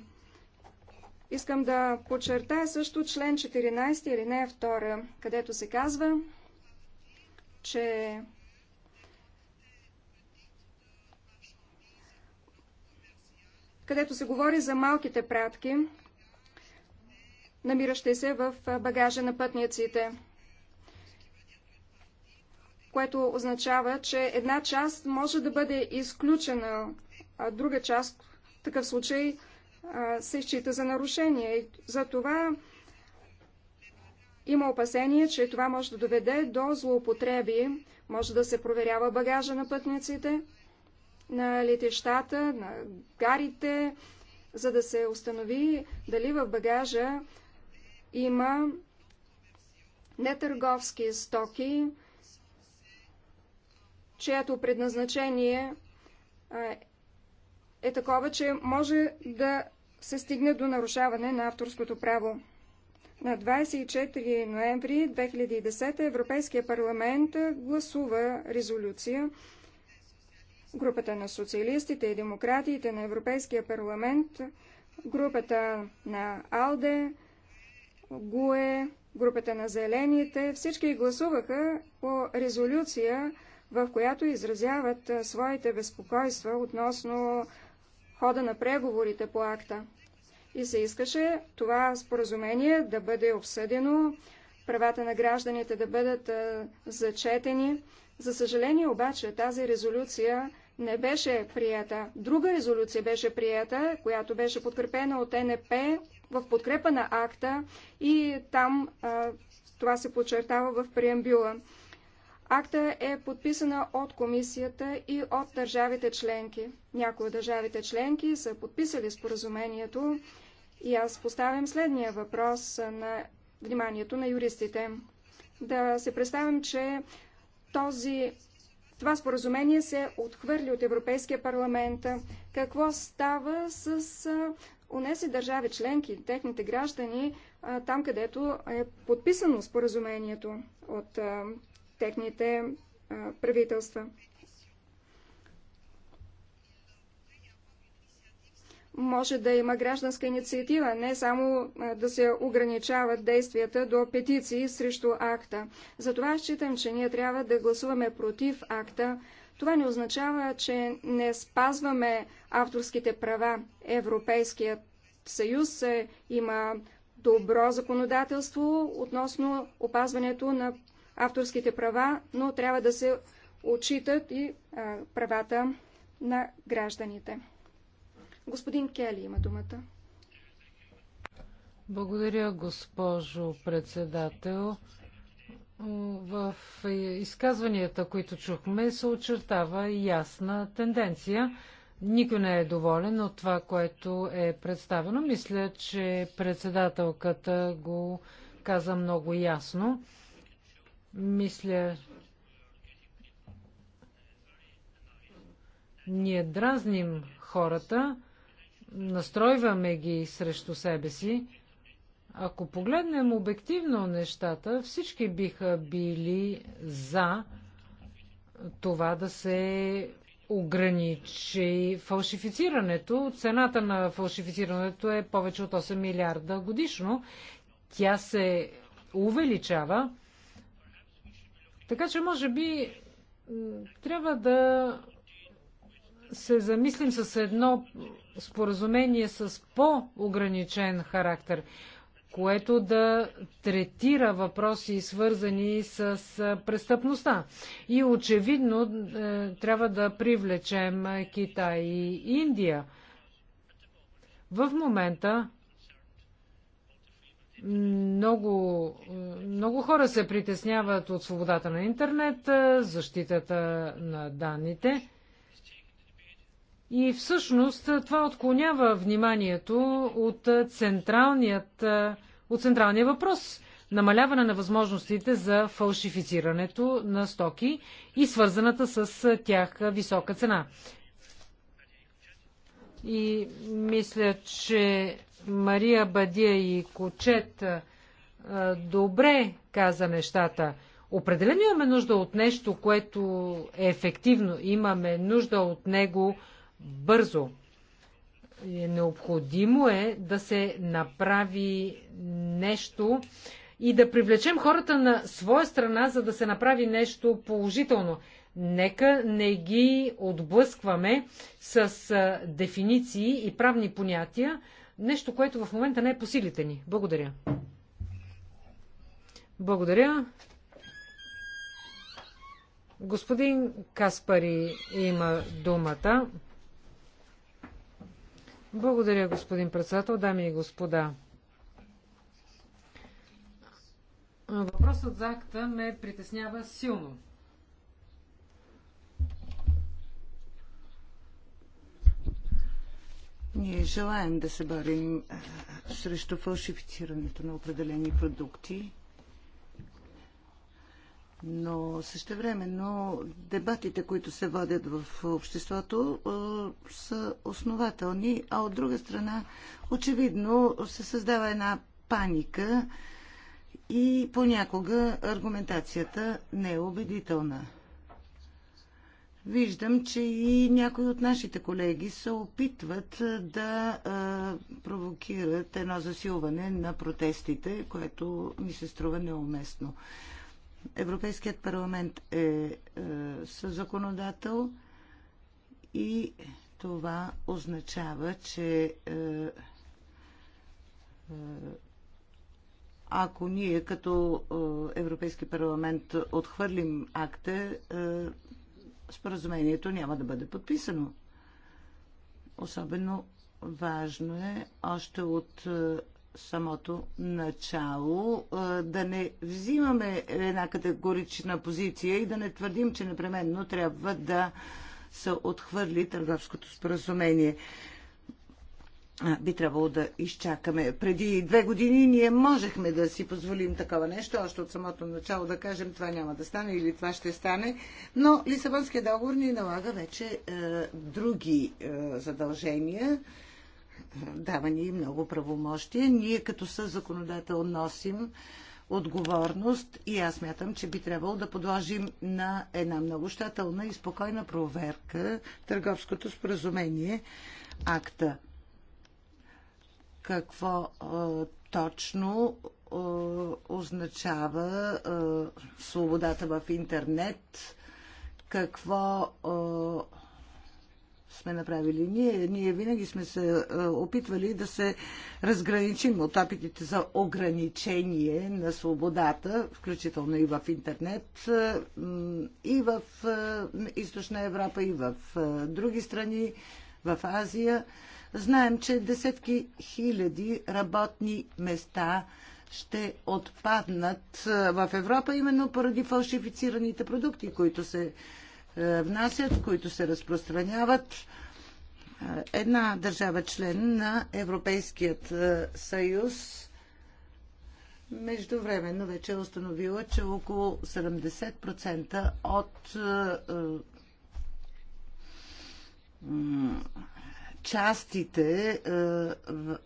Искам да подчертая също член 14 или не 2, където се казва, че където се говори за малките пратки, намиращи се в багажа на пътниците, което означава, че една част може да бъде изключена, а друга част в такъв случай – се счита за нарушение. За това има опасение, че това може да доведе до злоупотреби, може да се проверява багажа на пътниците, на летищата, на гарите, за да се установи дали в багажа има нетърговски стоки, чието предназначение е такова, че може да се стигне до нарушаване на авторското право. На 24 ноември 2010 Европейския парламент гласува резолюция. Групата на социалистите и демократиите на Европейския парламент, групата на АЛДЕ, ГУЕ, групата на зелените, всички гласуваха по резолюция, в която изразяват своите безпокойства относно хода на преговорите по акта. И се искаше това споразумение да бъде обсъдено, правата на гражданите да бъдат а, зачетени. За съжаление обаче тази резолюция не беше прията. Друга резолюция беше прията, която беше подкрепена от НП в подкрепа на акта и там а, това се подчертава в преамбюла. Акта е подписана от комисията и от държавите членки. Някои от държавите членки са подписали споразумението и аз поставям следния въпрос на вниманието на юристите. Да се представим, че този, това споразумение се отхвърли от Европейския парламент. Какво става с унеси държави членки, техните граждани, там където е подписано споразумението от техните правителства. Може да има гражданска инициатива, не само да се ограничават действията до петиции срещу акта. Затова считам, че ние трябва да гласуваме против акта. Това не означава, че не спазваме авторските права. Европейският съюз е, има добро законодателство относно опазването на авторските права, но трябва да се отчитат и а, правата на гражданите. Господин Кели има думата. Благодаря, госпожо председател. В изказванията, които чухме, се очертава ясна тенденция. Никой не е доволен от това, което е представено. Мисля, че председателката го каза много ясно. Мисля, ние дразним хората, настройваме ги срещу себе си. Ако погледнем обективно нещата, всички биха били за това да се ограничи фалшифицирането. Цената на фалшифицирането е повече от 8 милиарда годишно. Тя се увеличава. Така че, може би, трябва да се замислим с едно споразумение с по-ограничен характер, което да третира въпроси, свързани с престъпността. И очевидно е, трябва да привлечем Китай и Индия. В момента много, много хора се притесняват от свободата на интернет, защитата на данните. И всъщност това отклонява вниманието от, централният, от централния въпрос намаляване на възможностите за фалшифицирането на стоки и свързаната с тях висока цена. И мисля, че Мария Бадия и Кочет добре каза нещата. Определено имаме нужда от нещо, което е ефективно. Имаме нужда от него бързо. Необходимо е да се направи нещо и да привлечем хората на своя страна, за да се направи нещо положително. Нека не ги отблъскваме с дефиниции и правни понятия, Нещо, което в момента не е по силите ни. Благодаря. Благодаря. Господин Каспари има думата. Благодаря, господин председател, дами и господа. Въпросът за акта ме притеснява силно. Ние желаем да се борим срещу фалшифицирането на определени продукти, но същевременно дебатите, които се водят в обществото, са основателни, а от друга страна очевидно се създава една паника и понякога аргументацията не е убедителна. Виждам, че и някои от нашите колеги се опитват да а, провокират едно засилване на протестите, което ми се струва неуместно. Европейският парламент е а, е, законодател и това означава, че а, е, а, е, ако ние като Европейски парламент отхвърлим акта, споразумението няма да бъде подписано. Особено важно е още от е, самото начало е, да не взимаме една категорична позиция и да не твърдим, че непременно трябва да се отхвърли търговското споразумение би трябвало да изчакаме. Преди две години ние можехме да си позволим такова нещо, още от самото начало да кажем това няма да стане или това ще стане, но Лисабонския договор ни налага вече е, други е, задължения, е, дава ни много правомощия. Ние като със законодател носим отговорност и аз мятам, че би трябвало да подложим на една много щателна и спокойна проверка търговското споразумение акта какво точно означава свободата в интернет, какво сме направили ние. Ние винаги сме се опитвали да се разграничим от опитите за ограничение на свободата, включително и в интернет, и в източна Европа, и в други страни, в Азия. Знаем, че десетки хиляди работни места ще отпаднат в Европа именно поради фалшифицираните продукти, които се внасят, които се разпространяват. Една държава член на Европейският съюз междувременно вече е установила, че около 70% от частите е,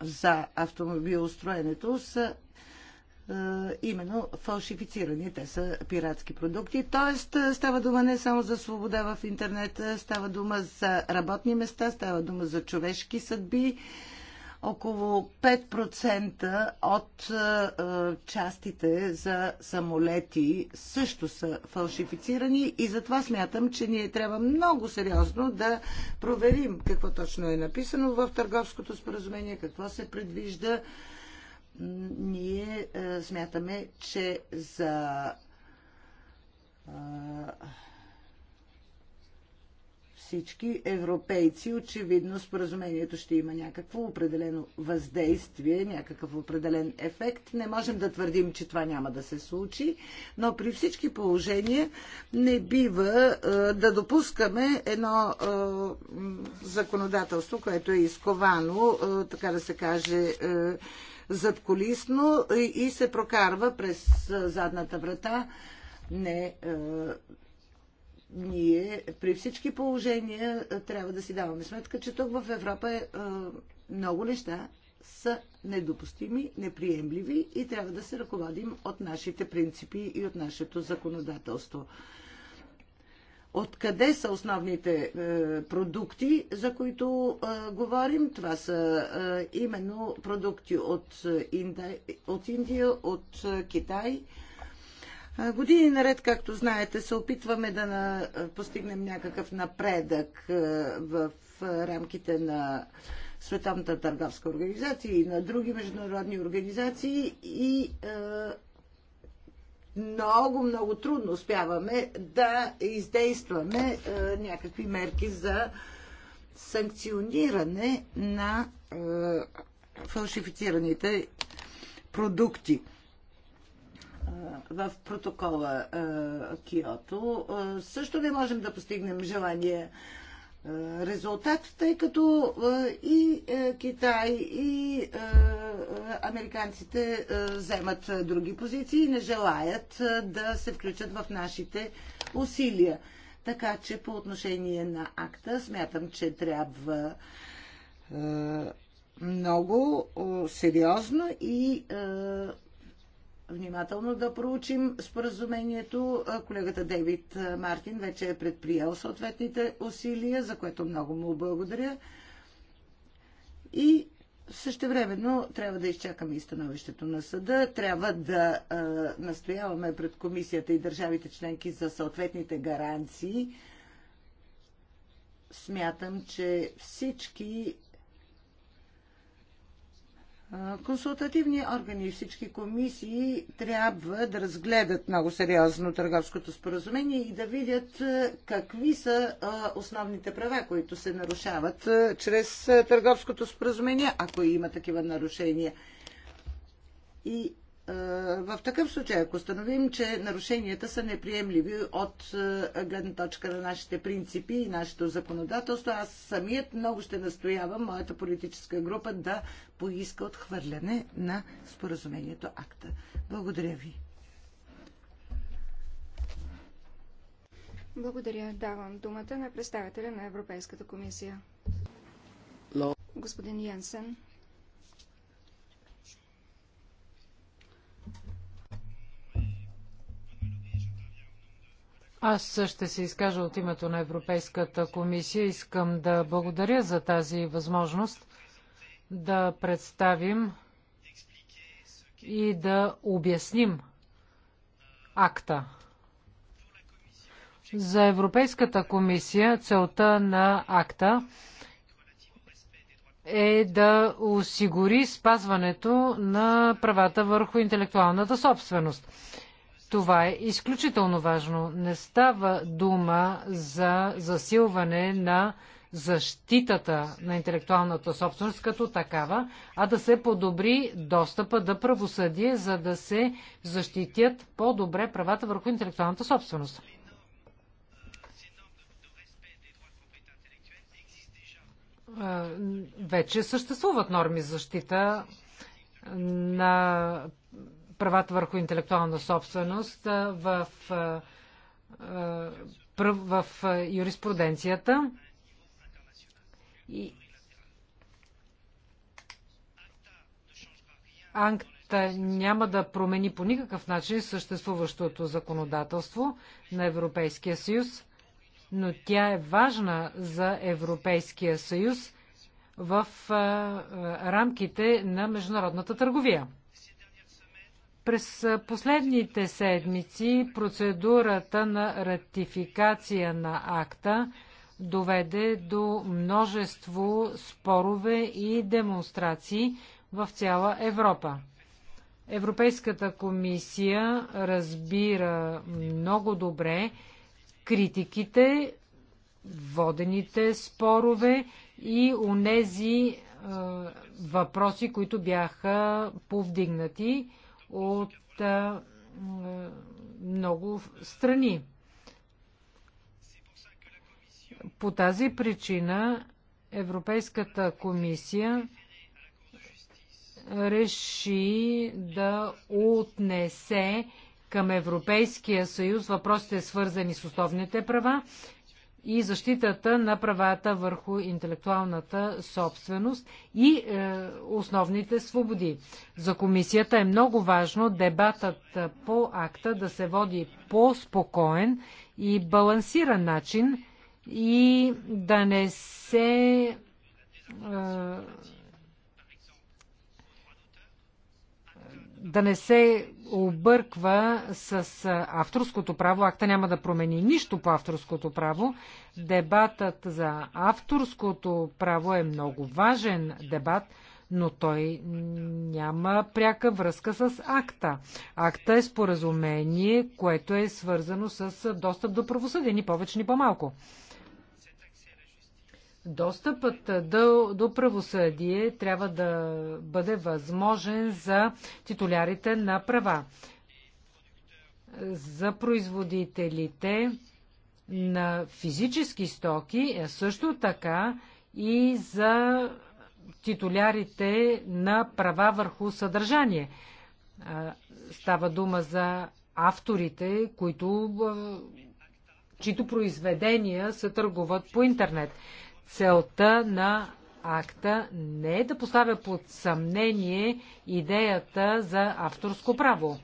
за автомобилостроенето са е, именно фалшифицирани. Те са пиратски продукти. Тоест е, става дума не само за свобода в интернет, става дума за работни места, става дума за човешки съдби около 5% от е, е, частите за самолети също са фалшифицирани и затова смятам, че ние трябва много сериозно да проверим какво точно е написано в търговското споразумение, какво се предвижда. Ние е, смятаме, че за всички европейци. Очевидно споразумението ще има някакво определено въздействие, някакъв определен ефект. Не можем да твърдим, че това няма да се случи, но при всички положения не бива е, да допускаме едно е, законодателство, което е изковано, е, така да се каже, е, задколисно и, и се прокарва през е, задната врата. Не. Е, ние при всички положения трябва да си даваме сметка, че тук в Европа е, много неща са недопустими, неприемливи и трябва да се ръководим от нашите принципи и от нашето законодателство. Откъде са основните е, продукти, за които е, говорим? Това са именно продукти от, Инда, от Индия, от Китай, Години наред, както знаете, се опитваме да постигнем някакъв напредък в рамките на Световната търговска организация и на други международни организации и много, много трудно успяваме да издействаме някакви мерки за санкциониране на фалшифицираните продукти в протокола Киото, също не можем да постигнем желания резултат, тъй като и Китай, и американците вземат други позиции и не желаят да се включат в нашите усилия. Така че по отношение на акта смятам, че трябва много сериозно и внимателно да проучим споразумението. Колегата Дейвид Мартин вече е предприел съответните усилия, за което много му благодаря. И Същевременно трябва да изчакаме и становището на съда, трябва да а, настояваме пред комисията и държавите членки за съответните гаранции. Смятам, че всички Консултативни органи и всички комисии трябва да разгледат много сериозно търговското споразумение и да видят какви са основните права, които се нарушават чрез търговското споразумение, ако има такива нарушения. И е, в такъв случай, ако установим, че нарушенията са неприемливи от е, гледна точка на нашите принципи и нашето законодателство, аз самият много ще настоявам моята политическа група да поиска отхвърляне на споразумението акта. Благодаря ви. Благодаря. Давам думата на представителя на Европейската комисия. Господин Янсен. Аз ще се изкажа от името на Европейската комисия. Искам да благодаря за тази възможност да представим и да обясним акта. За Европейската комисия целта на акта е да осигури спазването на правата върху интелектуалната собственост това е изключително важно. Не става дума за засилване на защитата на интелектуалната собственост като такава, а да се подобри достъпа до да правосъдие, за да се защитят по-добре правата върху интелектуалната собственост. Вече съществуват норми защита на правата върху интелектуална собственост в, в, в юриспруденцията. И Анкта няма да промени по никакъв начин съществуващото законодателство на Европейския съюз, но тя е важна за Европейския съюз в рамките на международната търговия. През последните седмици процедурата на ратификация на акта доведе до множество спорове и демонстрации в цяла Европа. Европейската комисия разбира много добре критиките, водените спорове и унези е, въпроси, които бяха повдигнати от а, много страни. По тази причина Европейската комисия реши да отнесе към Европейския съюз въпросите свързани с основните права и защитата на правата върху интелектуалната собственост и е, основните свободи. За комисията е много важно дебатът по акта да се води по-спокоен и балансиран начин и да не се е, да не се обърква с авторското право. Акта няма да промени нищо по авторското право. Дебатът за авторското право е много важен дебат, но той няма пряка връзка с акта. Акта е споразумение, което е свързано с достъп до правосъдие, ни повече, ни по-малко. по малко Достъпът до, до правосъдие трябва да бъде възможен за титулярите на права. За производителите на физически стоки, а също така и за титулярите на права върху съдържание. Става дума за авторите, които, чието произведения се търгуват по интернет. Целта на акта не е да поставя под съмнение идеята за авторско право,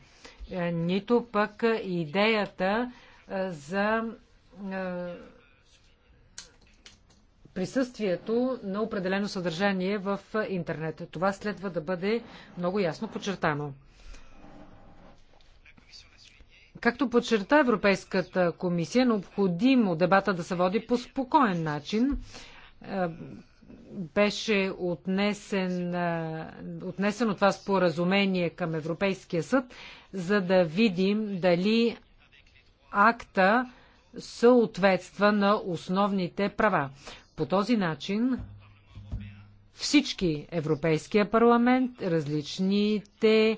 е, нито пък идеята е, за е, присъствието на определено съдържание в интернет. Това следва да бъде много ясно подчертано. Както подчерта Европейската комисия, необходимо дебата да се води по спокоен начин е, беше отнесен, е, отнесено това споразумение към Европейския съд, за да видим дали акта съответства на основните права. По този начин всички Европейския парламент, различните е,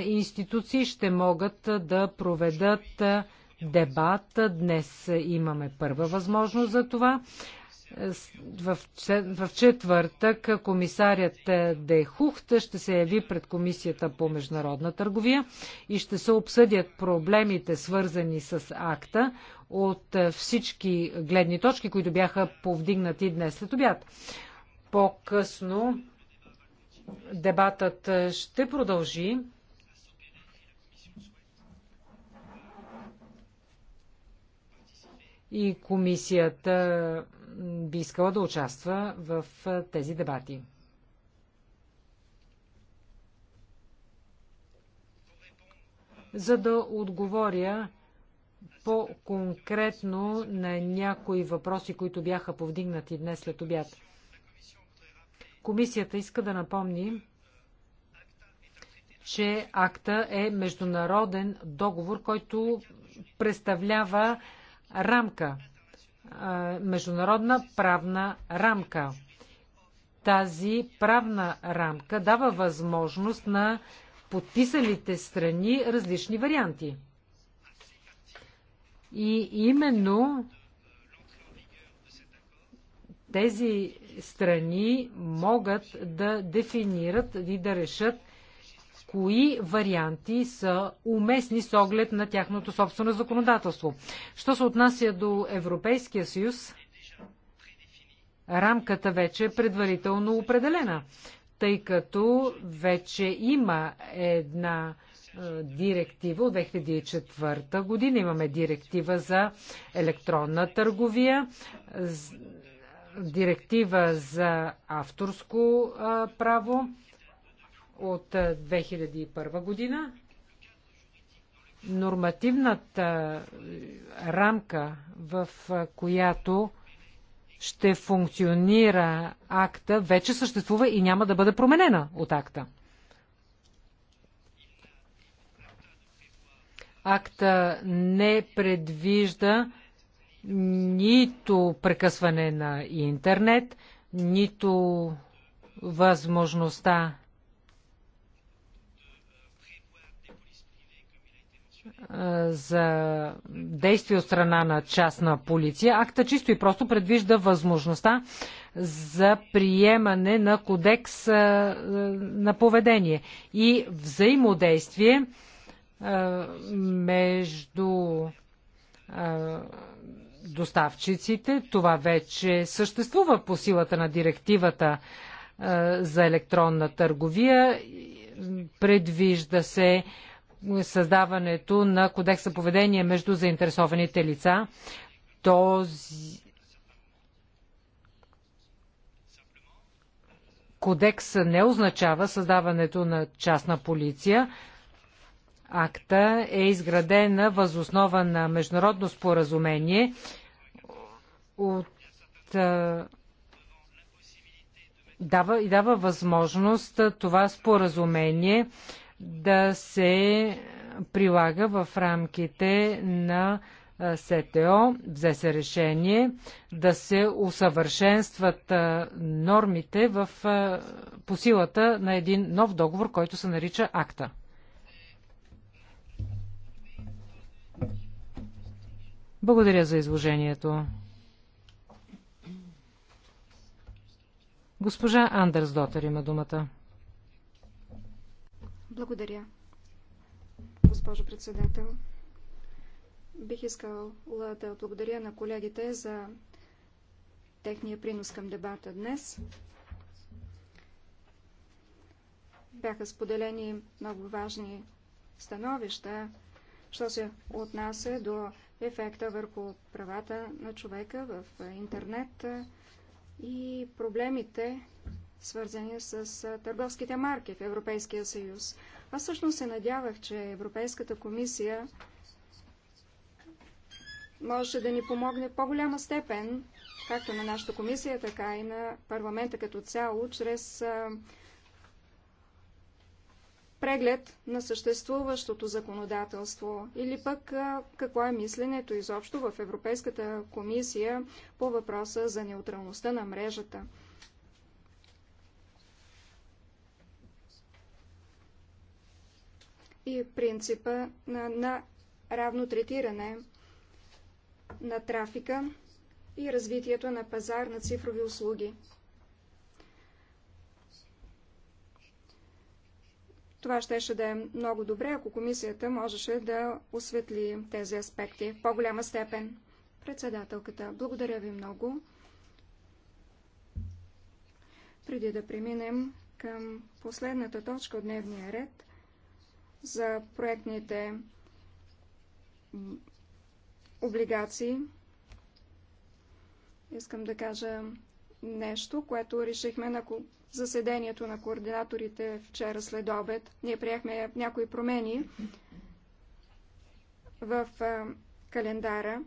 институции ще могат да проведат дебат. Днес имаме първа възможност за това в, четвъртък комисарят е, Дехухт ще се яви пред Комисията по международна търговия и ще се обсъдят проблемите, свързани с акта от е, всички гледни точки, които бяха повдигнати днес след обяд. По-късно дебатът е, ще продължи. И комисията би искала да участва в тези дебати. За да отговоря по-конкретно на някои въпроси, които бяха повдигнати днес след обяд. Комисията иска да напомни, че акта е международен договор, който представлява рамка международна правна рамка. Тази правна рамка дава възможност на подписалите страни различни варианти. И именно тези страни могат да дефинират и да решат кои варианти са уместни с оглед на тяхното собствено законодателство. Що се отнася до Европейския съюз, рамката вече е предварително определена, тъй като вече има една е, директива от 2004 година. Имаме директива за електронна търговия, директива за авторско право от 2001 година. Нормативната рамка, в която ще функционира акта, вече съществува и няма да бъде променена от акта. Акта не предвижда нито прекъсване на интернет, нито възможността за действие от страна на частна полиция. Акта чисто и просто предвижда възможността за приемане на кодекс на поведение и взаимодействие между доставчиците. Това вече съществува по силата на директивата за електронна търговия. Предвижда се създаването на кодекса поведение между заинтересованите лица. Този кодекс не означава създаването на частна полиция. Акта е изградена възоснова на международно споразумение от дава и дава възможност това споразумение да се прилага в рамките на СТО. Взе се решение да се усъвършенстват нормите в, по силата на един нов договор, който се нарича АКТА. Благодаря за изложението. Госпожа Андерс Дотър има думата. Благодаря, госпожо председател. Бих искала да благодаря на колегите за техния принос към дебата днес. Бяха споделени много важни становища, що се отнася до ефекта върху правата на човека в интернет и проблемите, свързани с търговските марки в Европейския съюз. Аз всъщност се надявах, че Европейската комисия може да ни помогне в по-голяма степен, както на нашата комисия, така и на парламента като цяло, чрез преглед на съществуващото законодателство или пък какво е мисленето изобщо в Европейската комисия по въпроса за неутралността на мрежата. и принципа на, на равно третиране на трафика и развитието на пазар на цифрови услуги. Това щеше да е много добре, ако комисията можеше да осветли тези аспекти в по-голяма степен. Председателката, благодаря ви много. Преди да преминем към последната точка от дневния ред – за проектните облигации. Искам да кажа нещо, което решихме на заседанието на координаторите вчера след обед. Ние приехме някои промени в календара.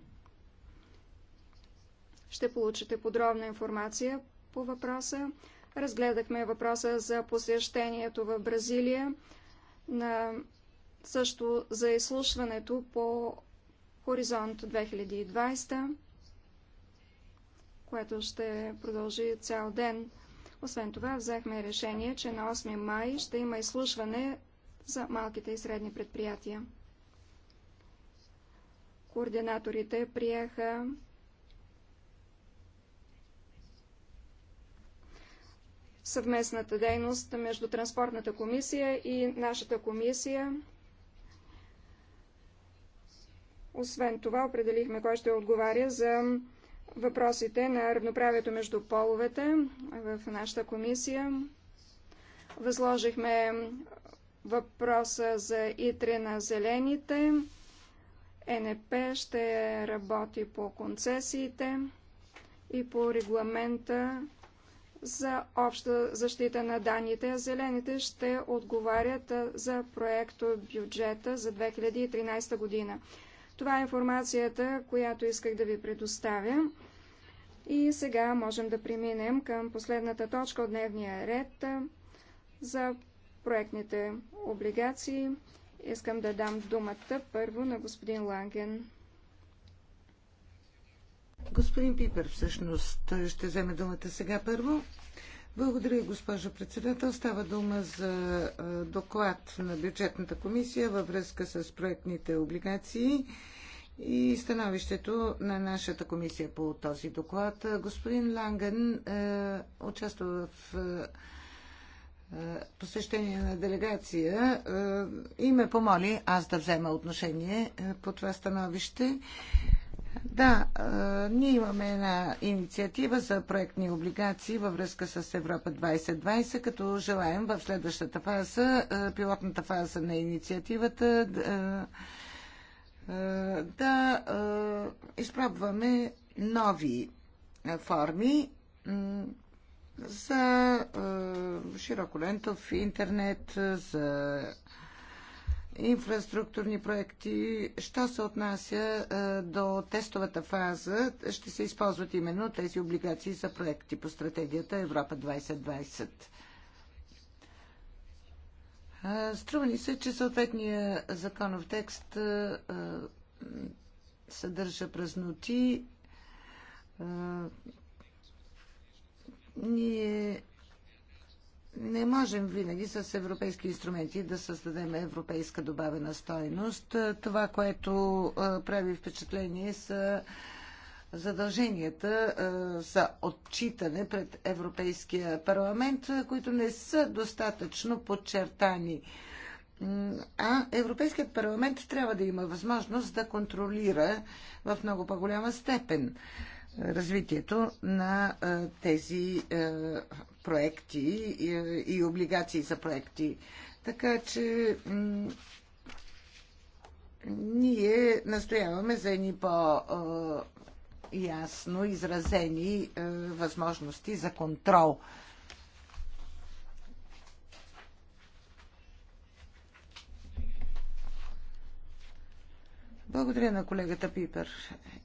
Ще получите подробна информация по въпроса. Разгледахме въпроса за посещението в Бразилия на, също за изслушването по Хоризонт 2020, което ще продължи цял ден. Освен това, взехме решение, че на 8 май ще има изслушване за малките и средни предприятия. Координаторите приеха съвместната дейност между Транспортната комисия и нашата комисия. Освен това, определихме кой ще отговаря за въпросите на равноправието между половете в нашата комисия. Възложихме въпроса за ИТРЕ на зелените. НП ще работи по концесиите и по регламента за обща защита на данните. Зелените ще отговарят за проекто бюджета за 2013 година. Това е информацията, която исках да ви предоставя. И сега можем да преминем към последната точка от дневния ред за проектните облигации. Искам да дам думата първо на господин Ланген. Господин Пипер всъщност ще вземе думата сега първо. Благодаря, госпожо председател. Става дума за доклад на бюджетната комисия във връзка с проектните облигации и становището на нашата комисия по този доклад. Господин Ланген е, участва в е, посещение на делегация е, и ме помоли аз да взема отношение е, по това становище. Да, ние имаме една инициатива за проектни облигации във връзка с Европа 2020, като желаем в следващата фаза, пилотната фаза на инициативата, да изпробваме нови форми за широколентов интернет, за инфраструктурни проекти. Що се отнася до тестовата фаза, ще се използват именно тези облигации за проекти по стратегията Европа 2020. Струва ни се, че съответния законов текст съдържа празноти. Ние не можем винаги с европейски инструменти да създадем европейска добавена стойност. Това, което прави впечатление са задълженията за отчитане пред Европейския парламент, които не са достатъчно подчертани. А Европейският парламент трябва да има възможност да контролира в много по-голяма степен развитието на тези проекти и облигации за проекти. Така че ние настояваме за едни по- ясно изразени възможности за контрол. Благодаря на колегата Пипер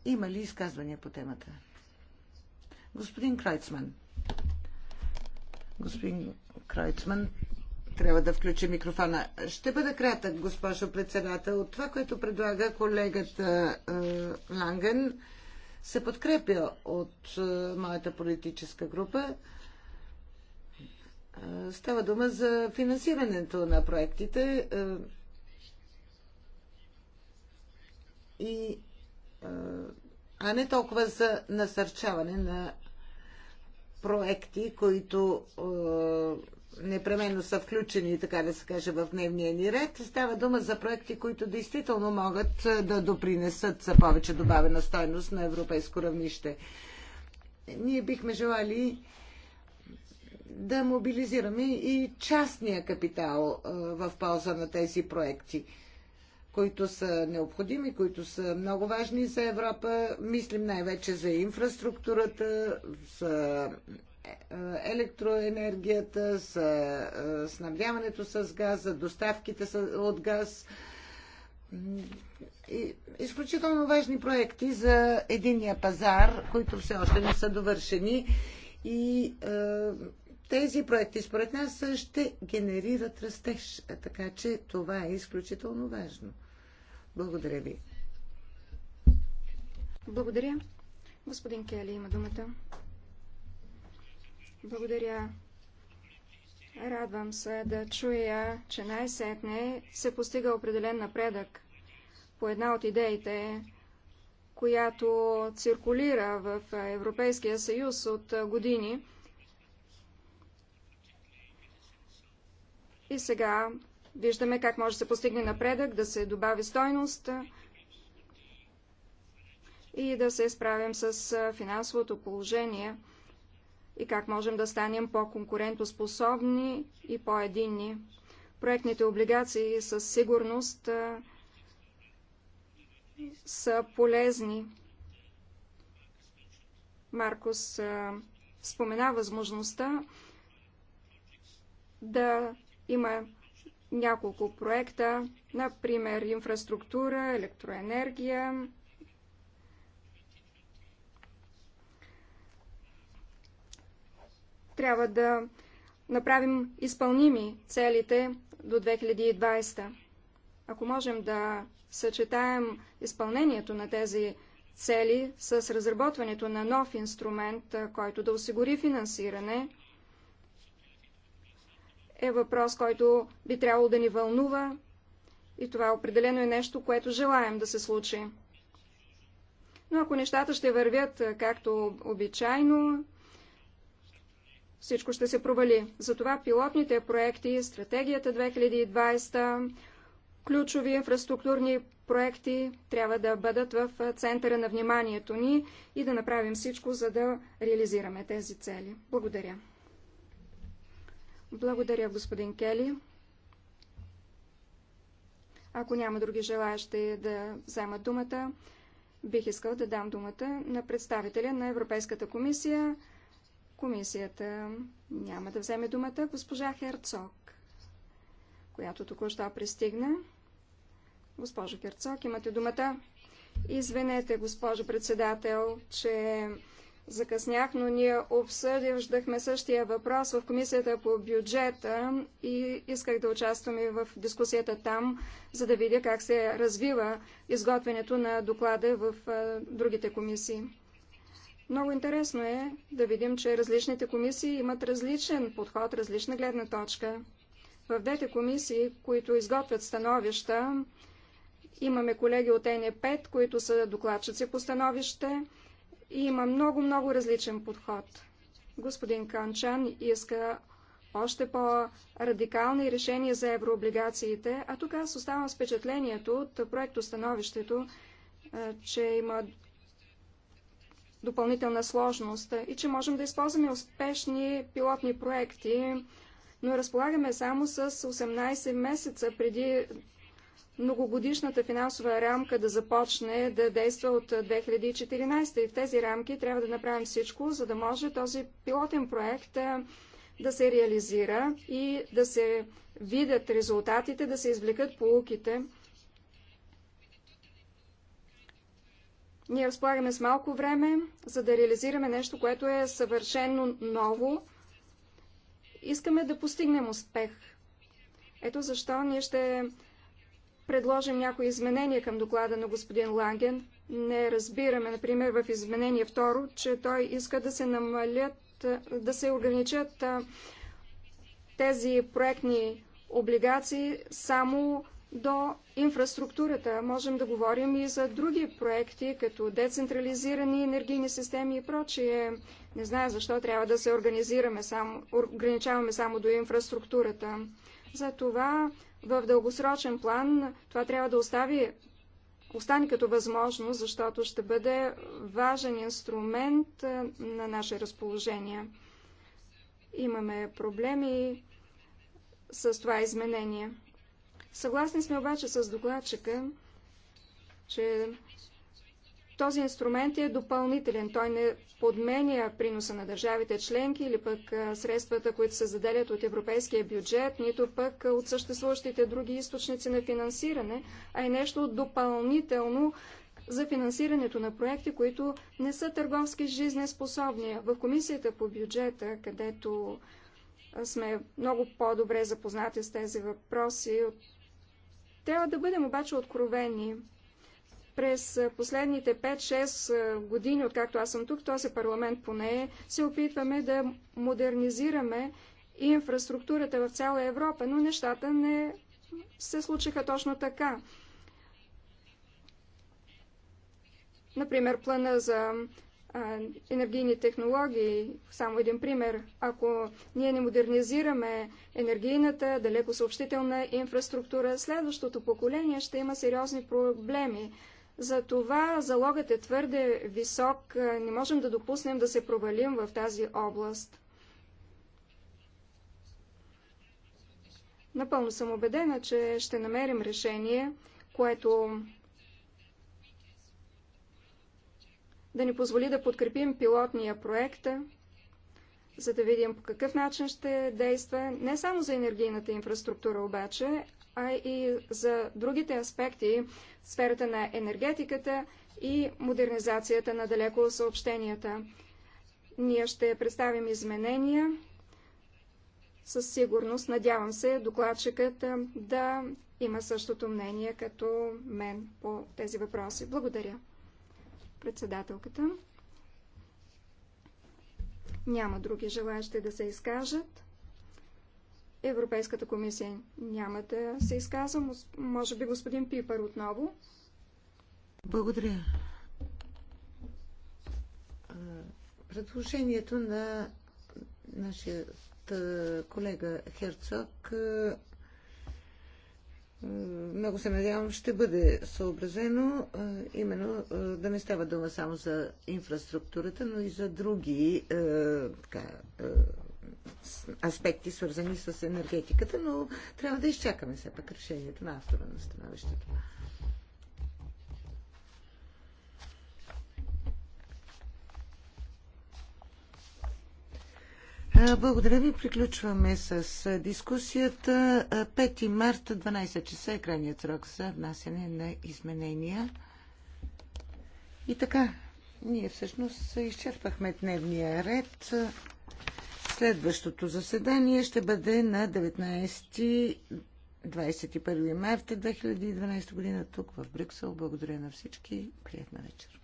има ли изказвания по темата? Господин Крайцман. Господин Крайцман, трябва да включи микрофона. Ще бъда кратък, госпожо председател. От това, което предлага колегата е, Ланген, се подкрепя от е, моята политическа група. Е, става дума за финансирането на проектите. Е, и а не толкова за насърчаване на проекти, които непременно са включени, така да се каже, в дневния ни ред. Става дума за проекти, които действително могат да допринесат за повече добавена стойност на европейско равнище. Ние бихме желали да мобилизираме и частния капитал в полза на тези проекти които са необходими, които са много важни за Европа. Мислим най-вече за инфраструктурата, за е, електроенергията, за е, снабдяването с газ, за доставките от газ. Изключително важни проекти за единия пазар, които все още не са довършени. И е, тези проекти според нас ще генерират растеж, така че това е изключително важно. Благодаря ви. Благодаря. Господин Кели има думата. Благодаря. Радвам се да чуя, че най-сетне се постига определен напредък по една от идеите, която циркулира в Европейския съюз от години. И сега Виждаме как може да се постигне напредък, да се добави стойност и да се справим с финансовото положение и как можем да станем по-конкурентоспособни и по-единни. Проектните облигации със сигурност са полезни. Маркус спомена възможността да има няколко проекта, например инфраструктура, електроенергия. Трябва да направим изпълними целите до 2020. Ако можем да съчетаем изпълнението на тези цели с разработването на нов инструмент, който да осигури финансиране, е въпрос, който би трябвало да ни вълнува и това определено е нещо, което желаем да се случи. Но ако нещата ще вървят както обичайно, всичко ще се провали. Затова пилотните проекти, стратегията 2020, ключови инфраструктурни проекти трябва да бъдат в центъра на вниманието ни и да направим всичко, за да реализираме тези цели. Благодаря. Благодаря, господин Кели. Ако няма други желаящи да вземат думата, бих искал да дам думата на представителя на Европейската комисия. Комисията няма да вземе думата госпожа Херцог, която току-що пристигна. Госпожо Херцог, имате думата. Извинете, госпожо председател, че закъснях, но ние обсъждахме същия въпрос в комисията по бюджета и исках да участвам и в дискусията там, за да видя как се развива изготвянето на доклада в другите комисии. Много интересно е да видим, че различните комисии имат различен подход, различна гледна точка. В двете комисии, които изготвят становища, имаме колеги от НЕ5, които са докладчици по становище, и има много-много различен подход. Господин Канчан иска още по-радикални решения за еврооблигациите, а тук аз оставам с впечатлението от проекто становището, е, че има допълнителна сложност и че можем да използваме успешни пилотни проекти, но разполагаме само с 18 месеца преди многогодишната финансова рамка да започне да действа от 2014 и в тези рамки трябва да направим всичко, за да може този пилотен проект да се реализира и да се видят резултатите, да се извлекат полуките. Ние разполагаме с малко време, за да реализираме нещо, което е съвършено ново. Искаме да постигнем успех. Ето защо ние ще предложим някои изменения към доклада на господин Ланген. Не разбираме, например, в изменение второ, че той иска да се намалят, да се ограничат тези проектни облигации само до инфраструктурата. Можем да говорим и за други проекти, като децентрализирани енергийни системи и прочие. Не знае защо трябва да се организираме само, ограничаваме само до инфраструктурата. За това. В дългосрочен план това трябва да остави, остане като възможност, защото ще бъде важен инструмент е, на наше разположение. Имаме проблеми с това изменение. Съгласни сме обаче с докладчика, че този инструмент е допълнителен. Той не подменя приноса на държавите членки или пък средствата, които се заделят от европейския бюджет, нито пък от съществуващите други източници на финансиране, а е нещо допълнително за финансирането на проекти, които не са търговски жизнеспособни. В комисията по бюджета, където сме много по-добре запознати с тези въпроси, трябва да бъдем обаче откровени. През последните 5-6 години, откакто аз съм тук, в този парламент поне, се опитваме да модернизираме инфраструктурата в цяла Европа, но нещата не се случиха точно така. Например, плана за енергийни технологии, само един пример, ако ние не модернизираме енергийната, далеко съобщителна инфраструктура, следващото поколение ще има сериозни проблеми. Затова залогът е твърде висок. Е, не можем да допуснем да се провалим в тази област. Напълно съм убедена, че ще намерим решение, което да ни позволи да подкрепим пилотния проект, за да видим по какъв начин ще действа не само за енергийната инфраструктура обаче, а и за другите аспекти в сферата на енергетиката и модернизацията на далеко съобщенията. Ние ще представим изменения. Със сигурност, надявам се, докладчикът да има същото мнение като мен по тези въпроси. Благодаря. Председателката. Няма други желаящи да се изкажат. Европейската комисия няма да се изказва. Може би господин Пипър отново. Благодаря. Предложението на нашия колега Херцог много се надявам, ще бъде съобразено именно да не става дума само за инфраструктурата, но и за други така, аспекти, свързани с енергетиката, но трябва да изчакаме все пак решението на автора на становището. Благодаря ви. Приключваме с дискусията. 5 марта, 12 часа е крайният срок за внасяне на изменения. И така, ние всъщност изчерпахме дневния ред. Следващото заседание ще бъде на 19-21 марта 2012 година тук в Брюксел. Благодаря на всички. Приятна вечер.